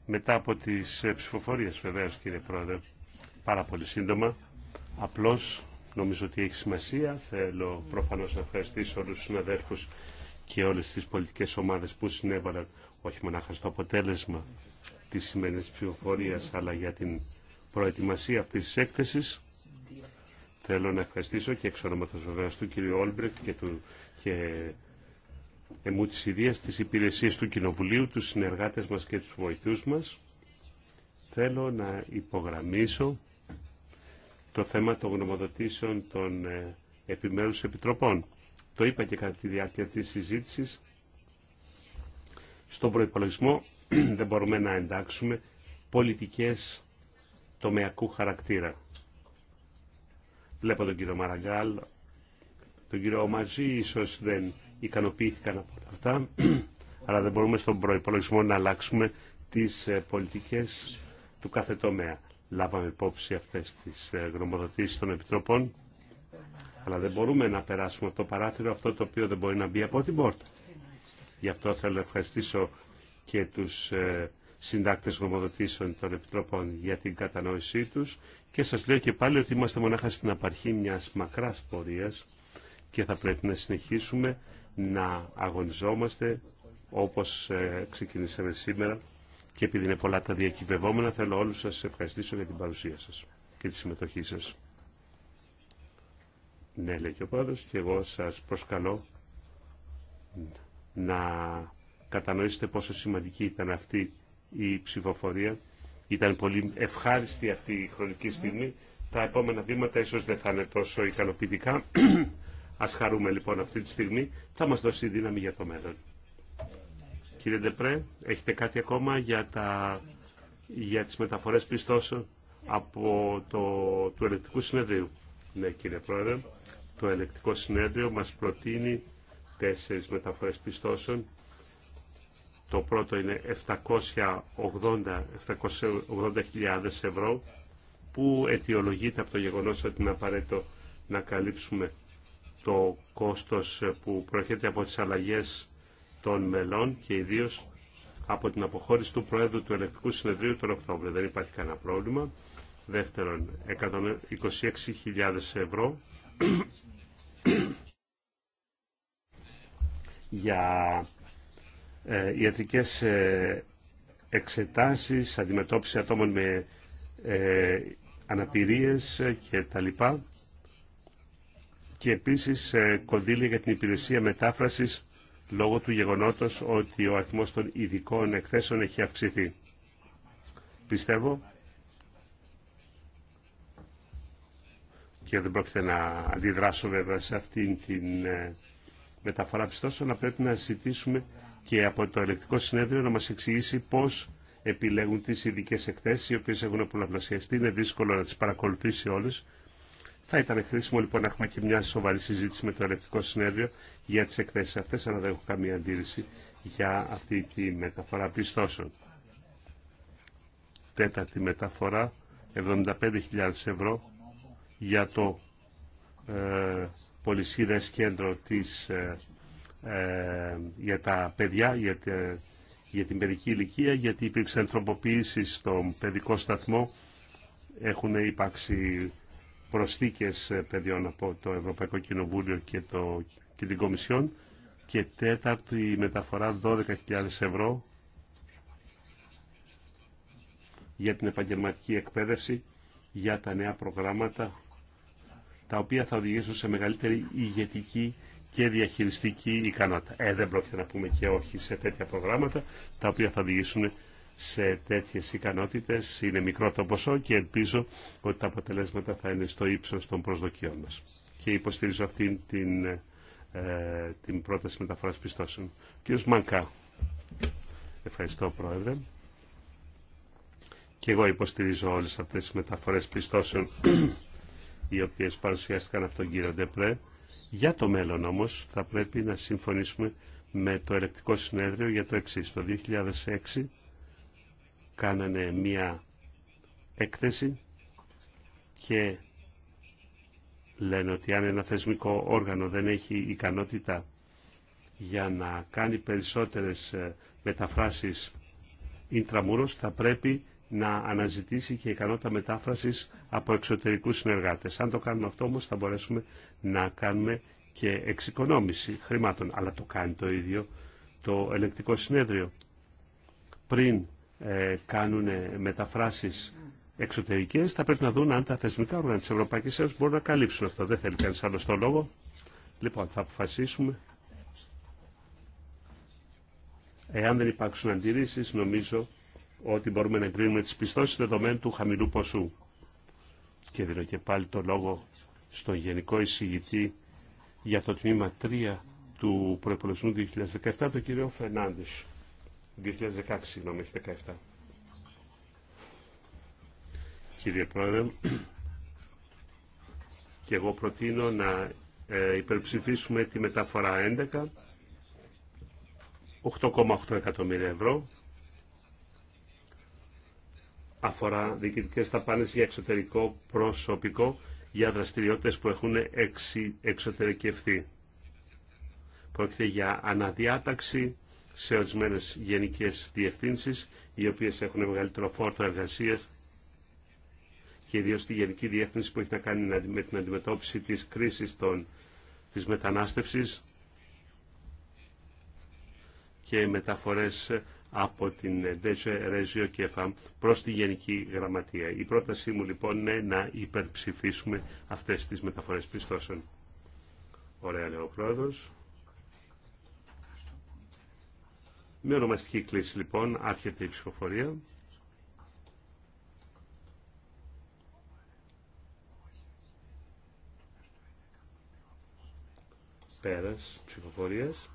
Speaker 1: μετά από τις ε, ψηφοφορίες βεβαίως κύριε Πρόεδρε. Πάρα πολύ σύντομα. Απλώς νομίζω ότι έχει σημασία. Θέλω προφανώς να ευχαριστήσω όλους τους συναδέρφους και όλες τις πολιτικές ομάδες που συνέβαλαν όχι μονάχα στο αποτέλεσμα της σημερινής ψηφοφορίας αλλά για την προετοιμασία αυτής της έκθεσης. Θέλω να ευχαριστήσω και εξ βεβαίω του κ. Όλμπρεκ και, του, και εμού της ιδίας της υπηρεσίας του Κοινοβουλίου, τους συνεργάτες μας και τους βοηθούς μας. Θέλω να υπογραμμίσω το θέμα των γνωμοδοτήσεων των ε, επιμέρους επιτροπών. Το είπα και κατά τη διάρκεια της συζήτησης. Στον προϋπολογισμό <clears throat> δεν μπορούμε να εντάξουμε πολιτικές τομεακού χαρακτήρα. Βλέπω τον κύριο Μαραγκάλ, τον κύριο Μαζί ίσως δεν ικανοποιήθηκαν από όλα αυτά, <clears throat> αλλά δεν μπορούμε στον προϋπολογισμό να αλλάξουμε τις ε, πολιτικές του κάθε τομέα. Λάβαμε υπόψη αυτές τις ε, γνωμοδοτήσεις των Επιτροπών, αλλά δεν μπορούμε να περάσουμε από το παράθυρο αυτό το οποίο δεν μπορεί να μπει από την πόρτα. Γι' αυτό θέλω να ευχαριστήσω και τους ε, συντάκτες γνωμοδοτήσεων των Επιτροπών για την κατανόησή τους και σας λέω και πάλι ότι είμαστε μονάχα στην απαρχή μιας μακράς πορείας και θα πρέπει να συνεχίσουμε να αγωνιζόμαστε όπως ε, ξεκινήσαμε σήμερα και επειδή είναι πολλά τα διακυβευόμενα θέλω όλους σας ευχαριστήσω για την παρουσία σας και τη συμμετοχή σας. Ναι, λέει και ο και εγώ σας προσκαλώ να κατανοήσετε πόσο σημαντική ήταν αυτή η ψηφοφορία. Ήταν πολύ ευχάριστη αυτή η χρονική στιγμή. Τα επόμενα βήματα ίσως δεν θα είναι τόσο ικανοποιητικά. <clears throat> Ας χαρούμε λοιπόν αυτή τη στιγμή. Θα μας δώσει δύναμη για το μέλλον. Κύριε Ντεπρέ, έχετε κάτι ακόμα για, τα, για τις μεταφορές πιστώσεων από το, του ελεκτικού συνεδρίου. Ναι κύριε Πρόεδρε, το ελεκτικό συνέδριο μας προτείνει τέσσερις μεταφορές πιστώσεων το πρώτο είναι 780.000 ευρώ που αιτιολογείται από το γεγονός ότι είναι απαραίτητο να καλύψουμε το κόστος που προέρχεται από τις αλλαγές των μελών και ιδίως από την αποχώρηση του Προέδρου του Ελεκτικού Συνεδρίου τον Οκτώβριο. Δεν υπάρχει κανένα πρόβλημα. Δεύτερον, 126.000 ευρώ <coughs> για ε, ιατρικές ε, εξετάσεις, αντιμετώπιση ατόμων με ε, αναπηρίες ε, και τα λοιπά και επίσης κονδύλια για την υπηρεσία μετάφρασης λόγω του γεγονότος ότι ο αριθμός των ειδικών εκθέσεων έχει αυξηθεί. Πιστεύω και δεν πρόκειται να αντιδράσω βέβαια σε αυτήν την μεταφορά πιστώσεων, να πρέπει να ζητήσουμε και από το ελεκτικό συνέδριο να μας εξηγήσει πώς επιλέγουν τις ειδικέ εκθέσεις οι οποίες έχουν πολλαπλασιαστεί. Είναι δύσκολο να τις παρακολουθήσει όλες. Θα ήταν χρήσιμο λοιπόν να έχουμε και μια σοβαρή συζήτηση με το ελεκτικό συνέδριο για τις εκθέσεις αυτές, αλλά δεν έχω καμία αντίρρηση για αυτή τη μεταφορά πιστώσεων. Τέταρτη μεταφορά, 75.000 ευρώ για το ε, πολυσίδες κέντρο της ε, ε, για τα παιδιά, για, για την παιδική ηλικία, γιατί υπήρξε ανθρωποποίηση στον παιδικό σταθμό. Έχουν υπάρξει προσθήκες παιδιών από το Ευρωπαϊκό Κοινοβούλιο και, το, και την Κομισιόν και τέταρτη μεταφορά 12.000 ευρώ για την επαγγελματική εκπαίδευση για τα νέα προγράμματα τα οποία θα οδηγήσουν σε μεγαλύτερη ηγετική και διαχειριστική ικανότητα. Ε, δεν πρόκειται να πούμε και όχι σε τέτοια προγράμματα, τα οποία θα οδηγήσουν σε τέτοιες ικανότητες. Είναι μικρό το ποσό και ελπίζω ότι τα αποτελέσματα θα είναι στο ύψος των προσδοκιών μας. Και υποστηρίζω αυτή την, ε, την πρόταση μεταφοράς πιστώσεων. Κύριος Μανκά. Ευχαριστώ, Πρόεδρε. Και εγώ υποστηρίζω όλες αυτές τις μεταφορές πιστώσεων οι οποίες παρουσιάστηκαν από τον κύριο Ντεπρέ για το μέλλον όμως θα πρέπει να συμφωνήσουμε με το ελεκτικό συνέδριο για το εξή. Το 2006 κάνανε μία έκθεση και λένε ότι αν ένα θεσμικό όργανο δεν έχει ικανότητα για να κάνει περισσότερες ε, μεταφράσεις intramuros θα πρέπει να αναζητήσει και ικανότητα μετάφρασης από εξωτερικούς συνεργάτες. Αν το κάνουμε αυτό όμως θα μπορέσουμε να κάνουμε και εξοικονόμηση χρημάτων. Αλλά το κάνει το ίδιο το ελεκτικό συνέδριο. Πριν ε, κάνουν μεταφράσεις εξωτερικές θα πρέπει να δουν αν τα θεσμικά όργανα της Ευρωπαϊκής Ένωσης μπορούν να καλύψουν αυτό. Δεν θέλει κανείς άλλο το λόγο. Λοιπόν, θα αποφασίσουμε. Εάν δεν υπάρξουν αντιρρήσεις, νομίζω ότι μπορούμε να εγκρίνουμε τις πιστώσεις δεδομένου του χαμηλού ποσού. Και δίνω και πάλι το λόγο στον Γενικό Εισηγητή για το τμήμα 3 του προϋπολογισμού 2017, τον κύριο Φερνάντης. 2016, συγγνώμη, 2017 Κύριε Πρόεδρε, και εγώ προτείνω να ε, υπερψηφίσουμε τη μεταφορά 11, 8,8 εκατομμύρια ευρώ, αφορά διοικητικέ ταπάνες για εξωτερικό προσωπικό για δραστηριότητε που έχουν εξωτερικευθεί. Πρόκειται για αναδιάταξη σε ορισμένε γενικές διευθύνσει, οι οποίες έχουν μεγαλύτερο φόρτο εργασία και ιδίω στη Γενική Διεύθυνση που έχει να κάνει με την αντιμετώπιση τη κρίση των, της και μεταφορές από την Ντέτζε Ρέζιο Κέφα προς τη Γενική Γραμματεία. Η πρότασή μου λοιπόν είναι να υπερψηφίσουμε αυτές τις μεταφορές πιστώσεων. Ωραία λέει ο πρόεδρος. Με ονομαστική κλίση λοιπόν άρχεται η ψηφοφορία. Πέρας ψηφοφορίας.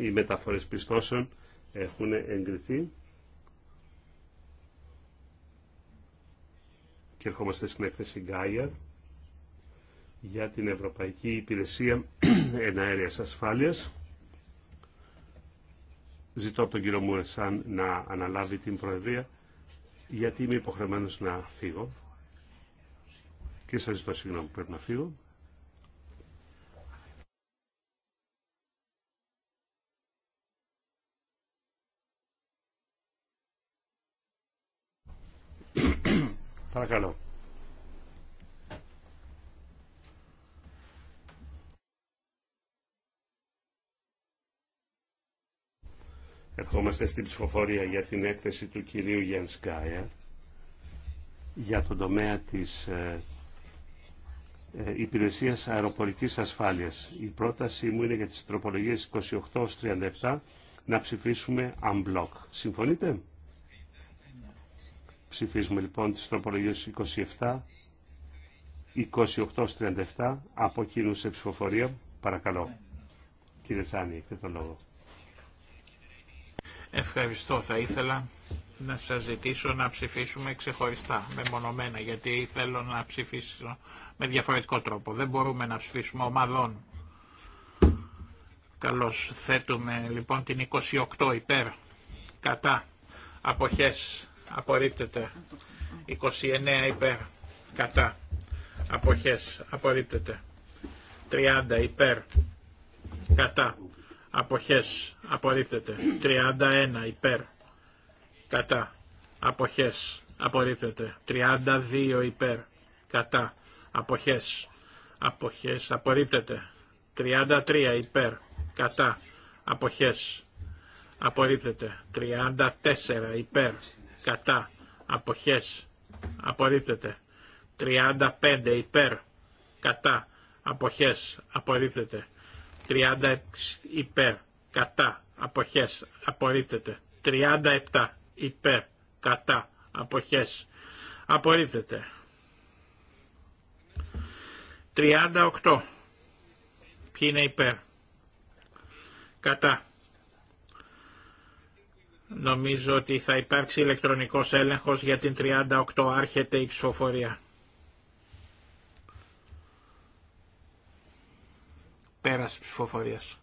Speaker 1: οι μεταφορές πιστώσεων έχουν εγκριθεί. Και ερχόμαστε στην έκθεση Γκάια για την Ευρωπαϊκή Υπηρεσία <clears throat> Εναέρειας Ασφάλειας. Ζητώ από τον κύριο Μουρεσάν να αναλάβει την Προεδρία, γιατί είμαι υποχρεωμένος να φύγω. Και σας ζητώ συγγνώμη που πρέπει να φύγω. Παρακαλώ. Ερχόμαστε στην ψηφοφορία για την έκθεση του κυρίου Γιανσκάια για τον τομέα της ε, ε, υπηρεσίας αεροπορικής ασφάλειας. Η πρότασή μου είναι για τις τροπολογίες 28-37 να ψηφίσουμε unblock. Συμφωνείτε? Ψηφίζουμε λοιπόν τις τροπολογίες 27, 28-37 από κοινού σε ψηφοφορία. Παρακαλώ. Κύριε Τσάνη, έχετε τον λόγο.
Speaker 2: Ευχαριστώ. Θα ήθελα να σας ζητήσω να ψηφίσουμε ξεχωριστά, μεμονωμένα, γιατί θέλω να ψηφίσω με διαφορετικό τρόπο. Δεν μπορούμε να ψηφίσουμε ομαδών. Καλώς θέτουμε λοιπόν την 28 υπέρ, κατά, αποχές, απορρίπτεται. 29 υπέρ, κατά, αποχές, απορρίπτεται. 30 υπέρ, κατά, αποχές, απορρίπτεται. 31 υπέρ, κατά, αποχές, απορρίπτεται. 32 υπέρ, κατά, αποχές, αποχές, απορρίπτεται. 33 υπέρ, κατά, αποχές, απορρίπτεται. 34 υπέρ, κατά αποχές απορρίπτεται 35 υπέρ κατά αποχές απορρίπτεται 36 υπέρ κατά αποχές απορρίπτεται 37 υπέρ κατά αποχές απορρίπτεται 38 ποιοι είναι υπέρ κατά Νομίζω ότι θα υπάρξει ηλεκτρονικός έλεγχος για την 38 άρχεται η ψηφοφορία. Πέρας ψηφοφορίας.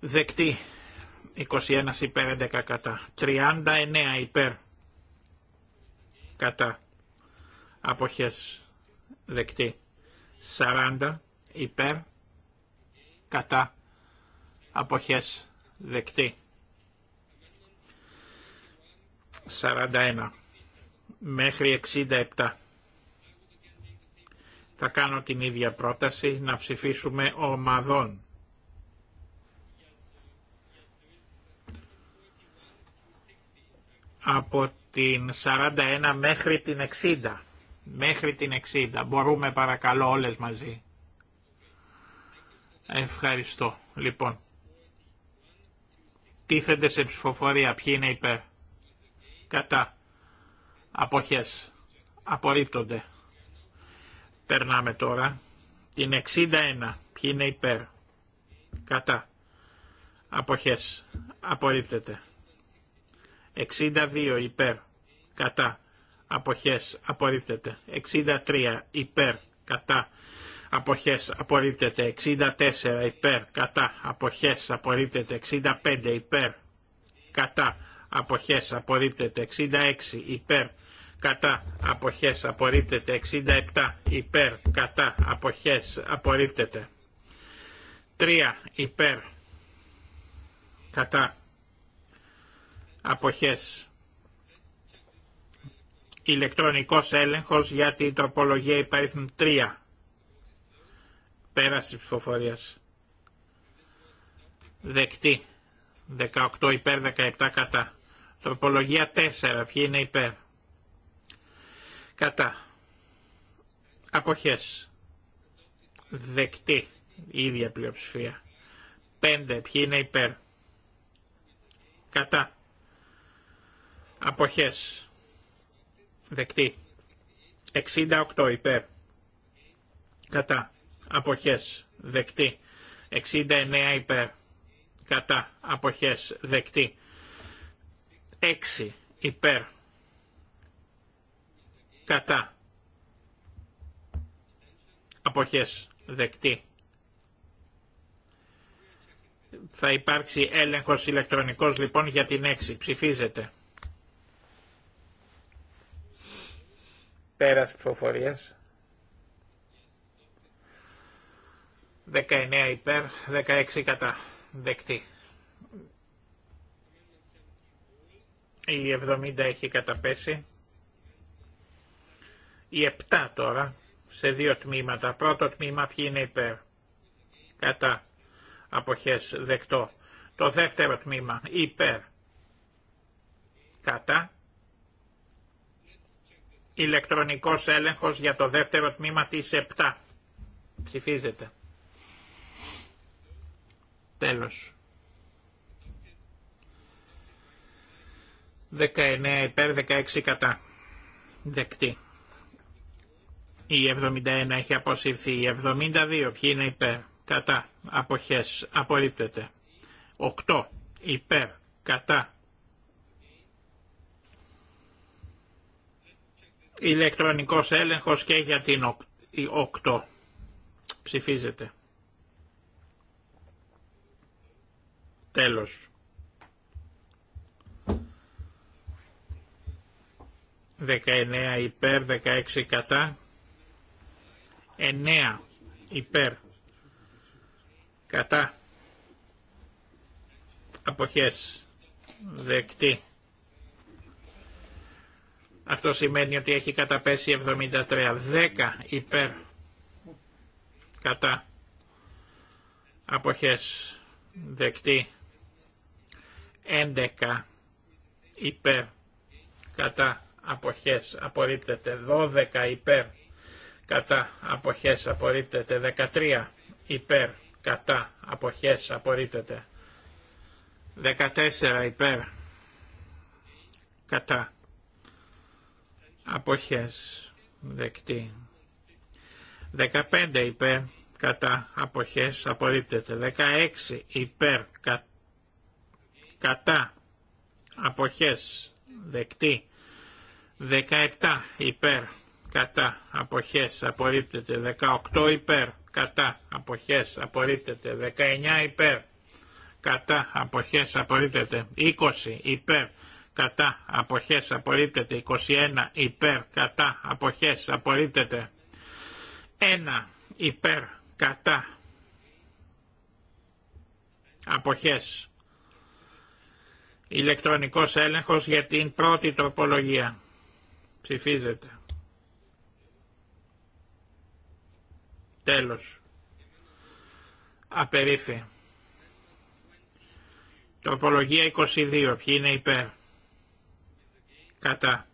Speaker 2: Δεκτή. 21 υπέρ 11 κατά. 39 υπέρ κατά. Αποχές. Δεκτή. 40 υπέρ κατά αποχές δεκτή. 41 μέχρι 67. Θα κάνω την ίδια πρόταση να ψηφίσουμε ομαδών. Από την 41 μέχρι την 60. Μέχρι την 60. Μπορούμε παρακαλώ όλες μαζί. Ευχαριστώ. Λοιπόν, τίθενται σε ψηφοφορία. Ποιοι είναι υπέρ. Κατά. Αποχές. Απορρίπτονται. Περνάμε τώρα. Την 61. Ποιοι είναι υπέρ. Κατά. Αποχές. Απορρίπτεται. 62 υπέρ. Κατά. Αποχές. Απορρίπτεται. 63 υπέρ. Κατά αποχές απορρίπτεται 64 υπέρ κατά αποχές απορρίπτεται 65 υπέρ κατά αποχές απορρίπτεται 66 υπέρ κατά αποχές απορρίπτεται 67 υπέρ κατά αποχές απορρίπτεται 3 υπέρ κατά αποχές ηλεκτρονικός έλεγχος για την τροπολογία υπάρχουν 3 Πέραση της ψηφοφορίας. Δεκτή. 18 υπέρ, 17 κατά. Τροπολογία 4. Ποιοι είναι υπέρ. Κατά. Αποχές. Δεκτή. Η ίδια πλειοψηφία. 5. Ποιοι είναι υπέρ. Κατά. Αποχές. Δεκτή. 68 υπέρ. Κατά αποχές δεκτή. 69 υπέρ κατά αποχές δεκτή. 6 υπέρ κατά αποχές δεκτή. Θα υπάρξει έλεγχος ηλεκτρονικός λοιπόν για την 6. Ψηφίζεται. Πέρας ψηφοφορίας. 19 υπέρ, 16 κατά. Δεκτή. Η 70 έχει καταπέσει. Η 7 τώρα, σε δύο τμήματα. Πρώτο τμήμα ποιοι είναι υπέρ. Κατά. Αποχές δεκτό. Το δεύτερο τμήμα υπέρ. Κατά. Ηλεκτρονικός έλεγχος για το δεύτερο τμήμα της 7. Ψηφίζεται. Τέλος. 19 υπέρ 16 κατά. Δεκτή. Η 71 έχει αποσυρθεί. Η 72 ποιοι είναι υπέρ. Κατά. Αποχές. Απορρίπτεται. 8 υπέρ. Κατά. Ηλεκτρονικός έλεγχος και για την 8. Ψηφίζεται. Τέλος. Δεκαεννέα υπέρ, 16 κατά. Εννέα υπέρ. Κατά. Αποχές. Δεκτή. Αυτό σημαίνει ότι έχει καταπέσει 73. 10 υπέρ. Κατά. Αποχές. Δεκτή. 11 υπέρ κατά αποχές απορρίπτεται 12 υπέρ κατά αποχές απορρίπτεται 13 υπέρ κατά αποχές απορρίπτεται 14 υπέρ κατά αποχές δεκτή 15 υπέρ κατά αποχές απορρίπτεται 16 υπέρ κατά κατά, αποχές, δεκτή. 17 υπέρ, κατά, αποχές, απορρίπτεται. 18 υπέρ, κατά, αποχές, απορρίπτεται. 19 υπέρ, κατά, αποχές, απορρίπτεται. 20 υπέρ, κατά, αποχές, απορρίπτεται. 21 υπέρ, κατά, αποχές, απορρίπτεται. 1 υπέρ, κατά, αποχές, Ηλεκτρονικός έλεγχος για την πρώτη τροπολογία. Ψηφίζεται. Τέλος. Απερίφη. Τροπολογία 22. Ποιοι είναι υπέρ. Κατά.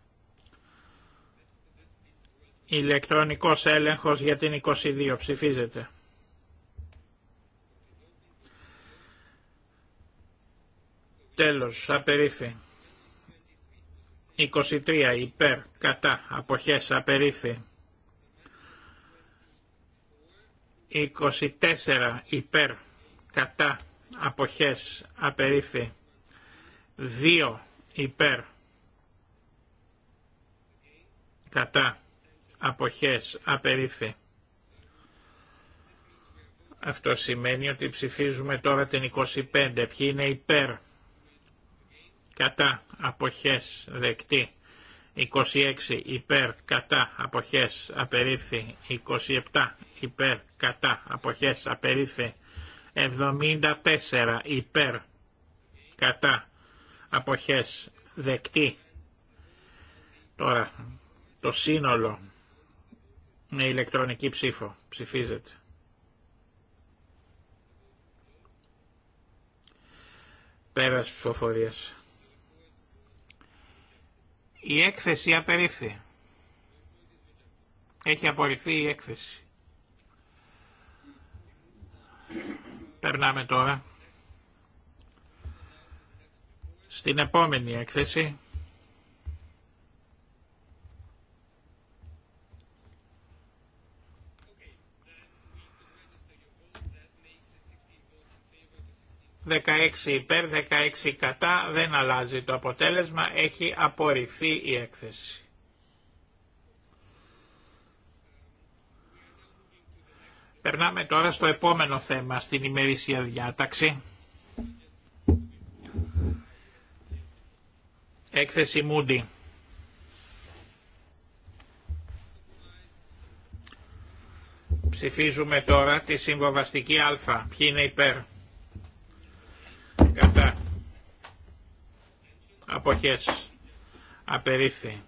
Speaker 2: Ηλεκτρονικός έλεγχος για την 22. Ψηφίζεται. Τέλος, απερίφη. 23 υπέρ, κατά, αποχές, απερίφη. 24 υπέρ, κατά, αποχές, απερίφη. 2 υπέρ, κατά, αποχές, απερίφη. Αυτό σημαίνει ότι ψηφίζουμε τώρα την 25. Ποιοι είναι υπέρ κατά αποχές δεκτή 26 υπέρ κατά αποχές απερίφθη 27 υπέρ κατά αποχές απερίφθη 74 υπέρ κατά αποχές δεκτή τώρα το σύνολο με ηλεκτρονική ψήφο ψηφίζεται πέρας ψηφοφορίας η έκθεση απερίφθη. Έχει απορριφθεί η έκθεση. Περνάμε τώρα στην επόμενη έκθεση. 16 υπέρ, 16 κατά, δεν αλλάζει το αποτέλεσμα, έχει απορριφθεί η έκθεση. Περνάμε τώρα στο επόμενο θέμα, στην ημερήσια διάταξη. Έκθεση Μούντι. Ψηφίζουμε τώρα τη συμβοβαστική α. Ποιοι είναι υπέρ. Κατά. Αποχές. Απερίφθη.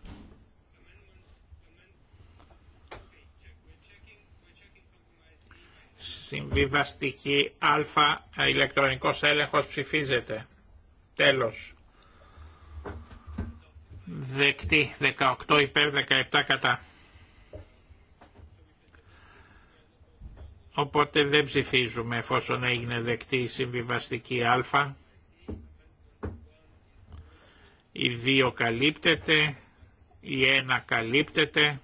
Speaker 2: Συμβιβαστική α, ηλεκτρονικός έλεγχος ψηφίζεται. Τέλος. Δεκτή, 18 υπέρ, 17 κατά. Οπότε δεν ψηφίζουμε εφόσον έγινε δεκτή η συμβιβαστική α. Η 2 καλύπτεται, η 1 καλύπτεται.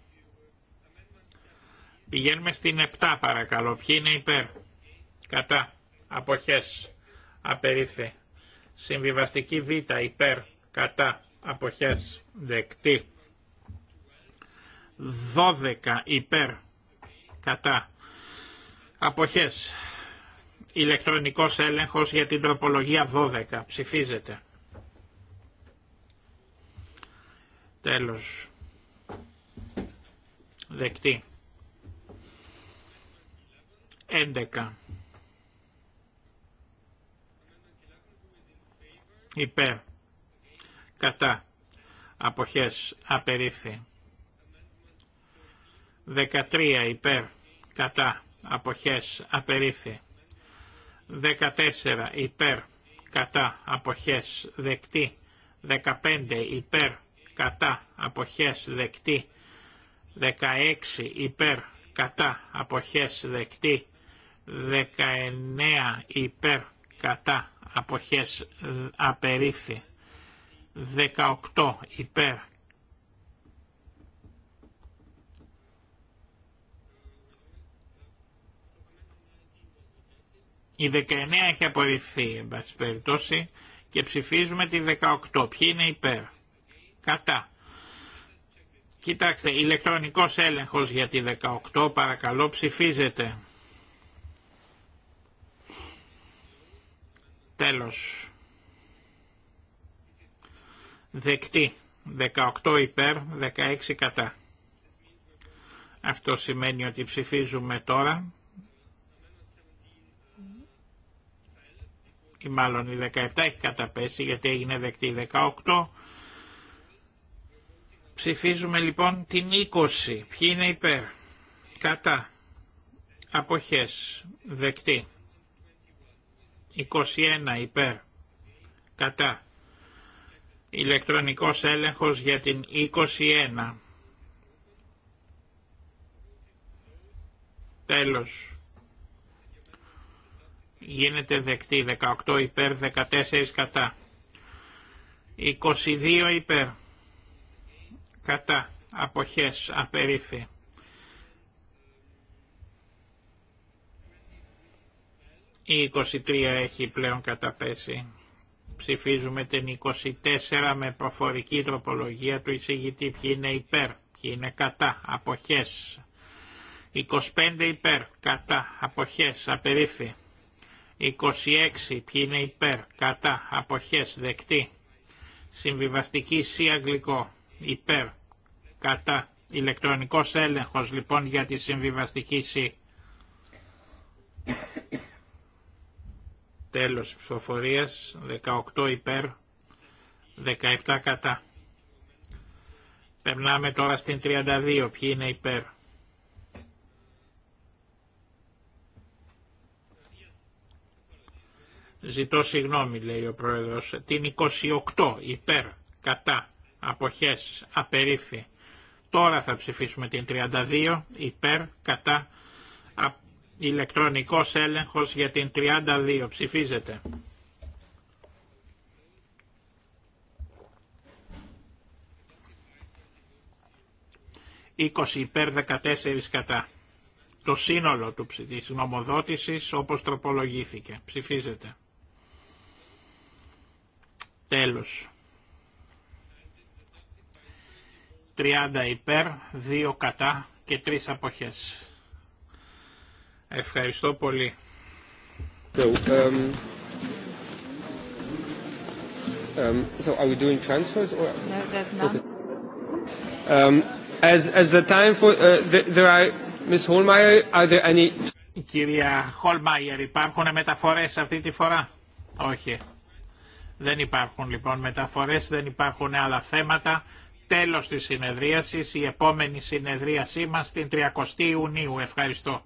Speaker 2: Πηγαίνουμε στην 7 παρακαλώ. Ποιοι είναι υπέρ. Κατά. Αποχές. Απερίφθη. Συμβιβαστική β. Υπέρ. Κατά. Αποχές. Δεκτή. 12 υπέρ. Κατά. Αποχές. Ηλεκτρονικός έλεγχος για την τροπολογία 12. Ψηφίζεται. Τέλος. Δεκτή. 11. Υπέρ. Κατά. Αποχές. Απερίφθη. 13. Υπέρ. Κατά αποχές απερίφθη 14 υπέρ κατά αποχές δεκτή 15 υπέρ κατά αποχές δεκτή 16 υπέρ κατά αποχές δεκτή 19 υπέρ κατά αποχές απερίφθη 18 υπέρ Η 19 έχει απορριφθεί, εν πάση και ψηφίζουμε τη 18. Ποιοι είναι υπέρ. Κατά. Κοιτάξτε, ηλεκτρονικός έλεγχος για τη 18, παρακαλώ, ψηφίζεται. Τέλος. Δεκτή. 18 υπέρ, 16 κατά. Αυτό σημαίνει ότι ψηφίζουμε τώρα ή μάλλον η 17 έχει καταπέσει γιατί έγινε δεκτή η 18. Ψηφίζουμε λοιπόν την 20. Ποιοι είναι υπέρ. Κατά. Αποχές. Δεκτή. 21 υπέρ. Κατά. Ηλεκτρονικός έλεγχος για την 21. Τέλος γίνεται δεκτή 18 υπέρ 14 κατά 22 υπέρ κατά αποχές απερίφη η 23 έχει πλέον καταπέσει ψηφίζουμε την 24 με προφορική τροπολογία του εισηγητή ποιοι είναι υπέρ ποιοι είναι κατά αποχές 25 υπέρ κατά αποχές απερίφη 26 ποιοι είναι υπέρ, κατά, αποχές, δεκτή. Συμβιβαστική C αγγλικό, υπέρ, κατά. Ηλεκτρονικός έλεγχος λοιπόν για τη συμβιβαστική C. Τέλος ψηφοφορίας, 18 υπέρ, 17 κατά. Περνάμε τώρα στην 32, ποιοι είναι υπέρ Ζητώ συγγνώμη λέει ο Πρόεδρος. Την 28 υπέρ, κατά, αποχές, απερίφθη. Τώρα θα ψηφίσουμε την 32 υπέρ, κατά, ηλεκτρονικό ηλεκτρονικός έλεγχος για την 32. Ψηφίζεται. «20 υπέρ 14 κατά» το σύνολο του, της νομοδότησης όπως τροπολογήθηκε. Ψηφίζεται. Τέλος. 30 υπέρ, 2 κατά και 3 αποχές. Ευχαριστώ πολύ. So, um, um, so are we doing transfers or? No, there's none. Um, as, as the time for, uh, there are, Ms. Holmeyer, are there any... Κυρία Χολμάιερ, υπάρχουν μεταφορές αυτή τη φορά. Όχι. Δεν υπάρχουν λοιπόν μεταφορές, δεν υπάρχουν άλλα θέματα. Τέλος της συνεδρίασης, η επόμενη συνεδρίασή μας την 30 Ιουνίου. Ευχαριστώ.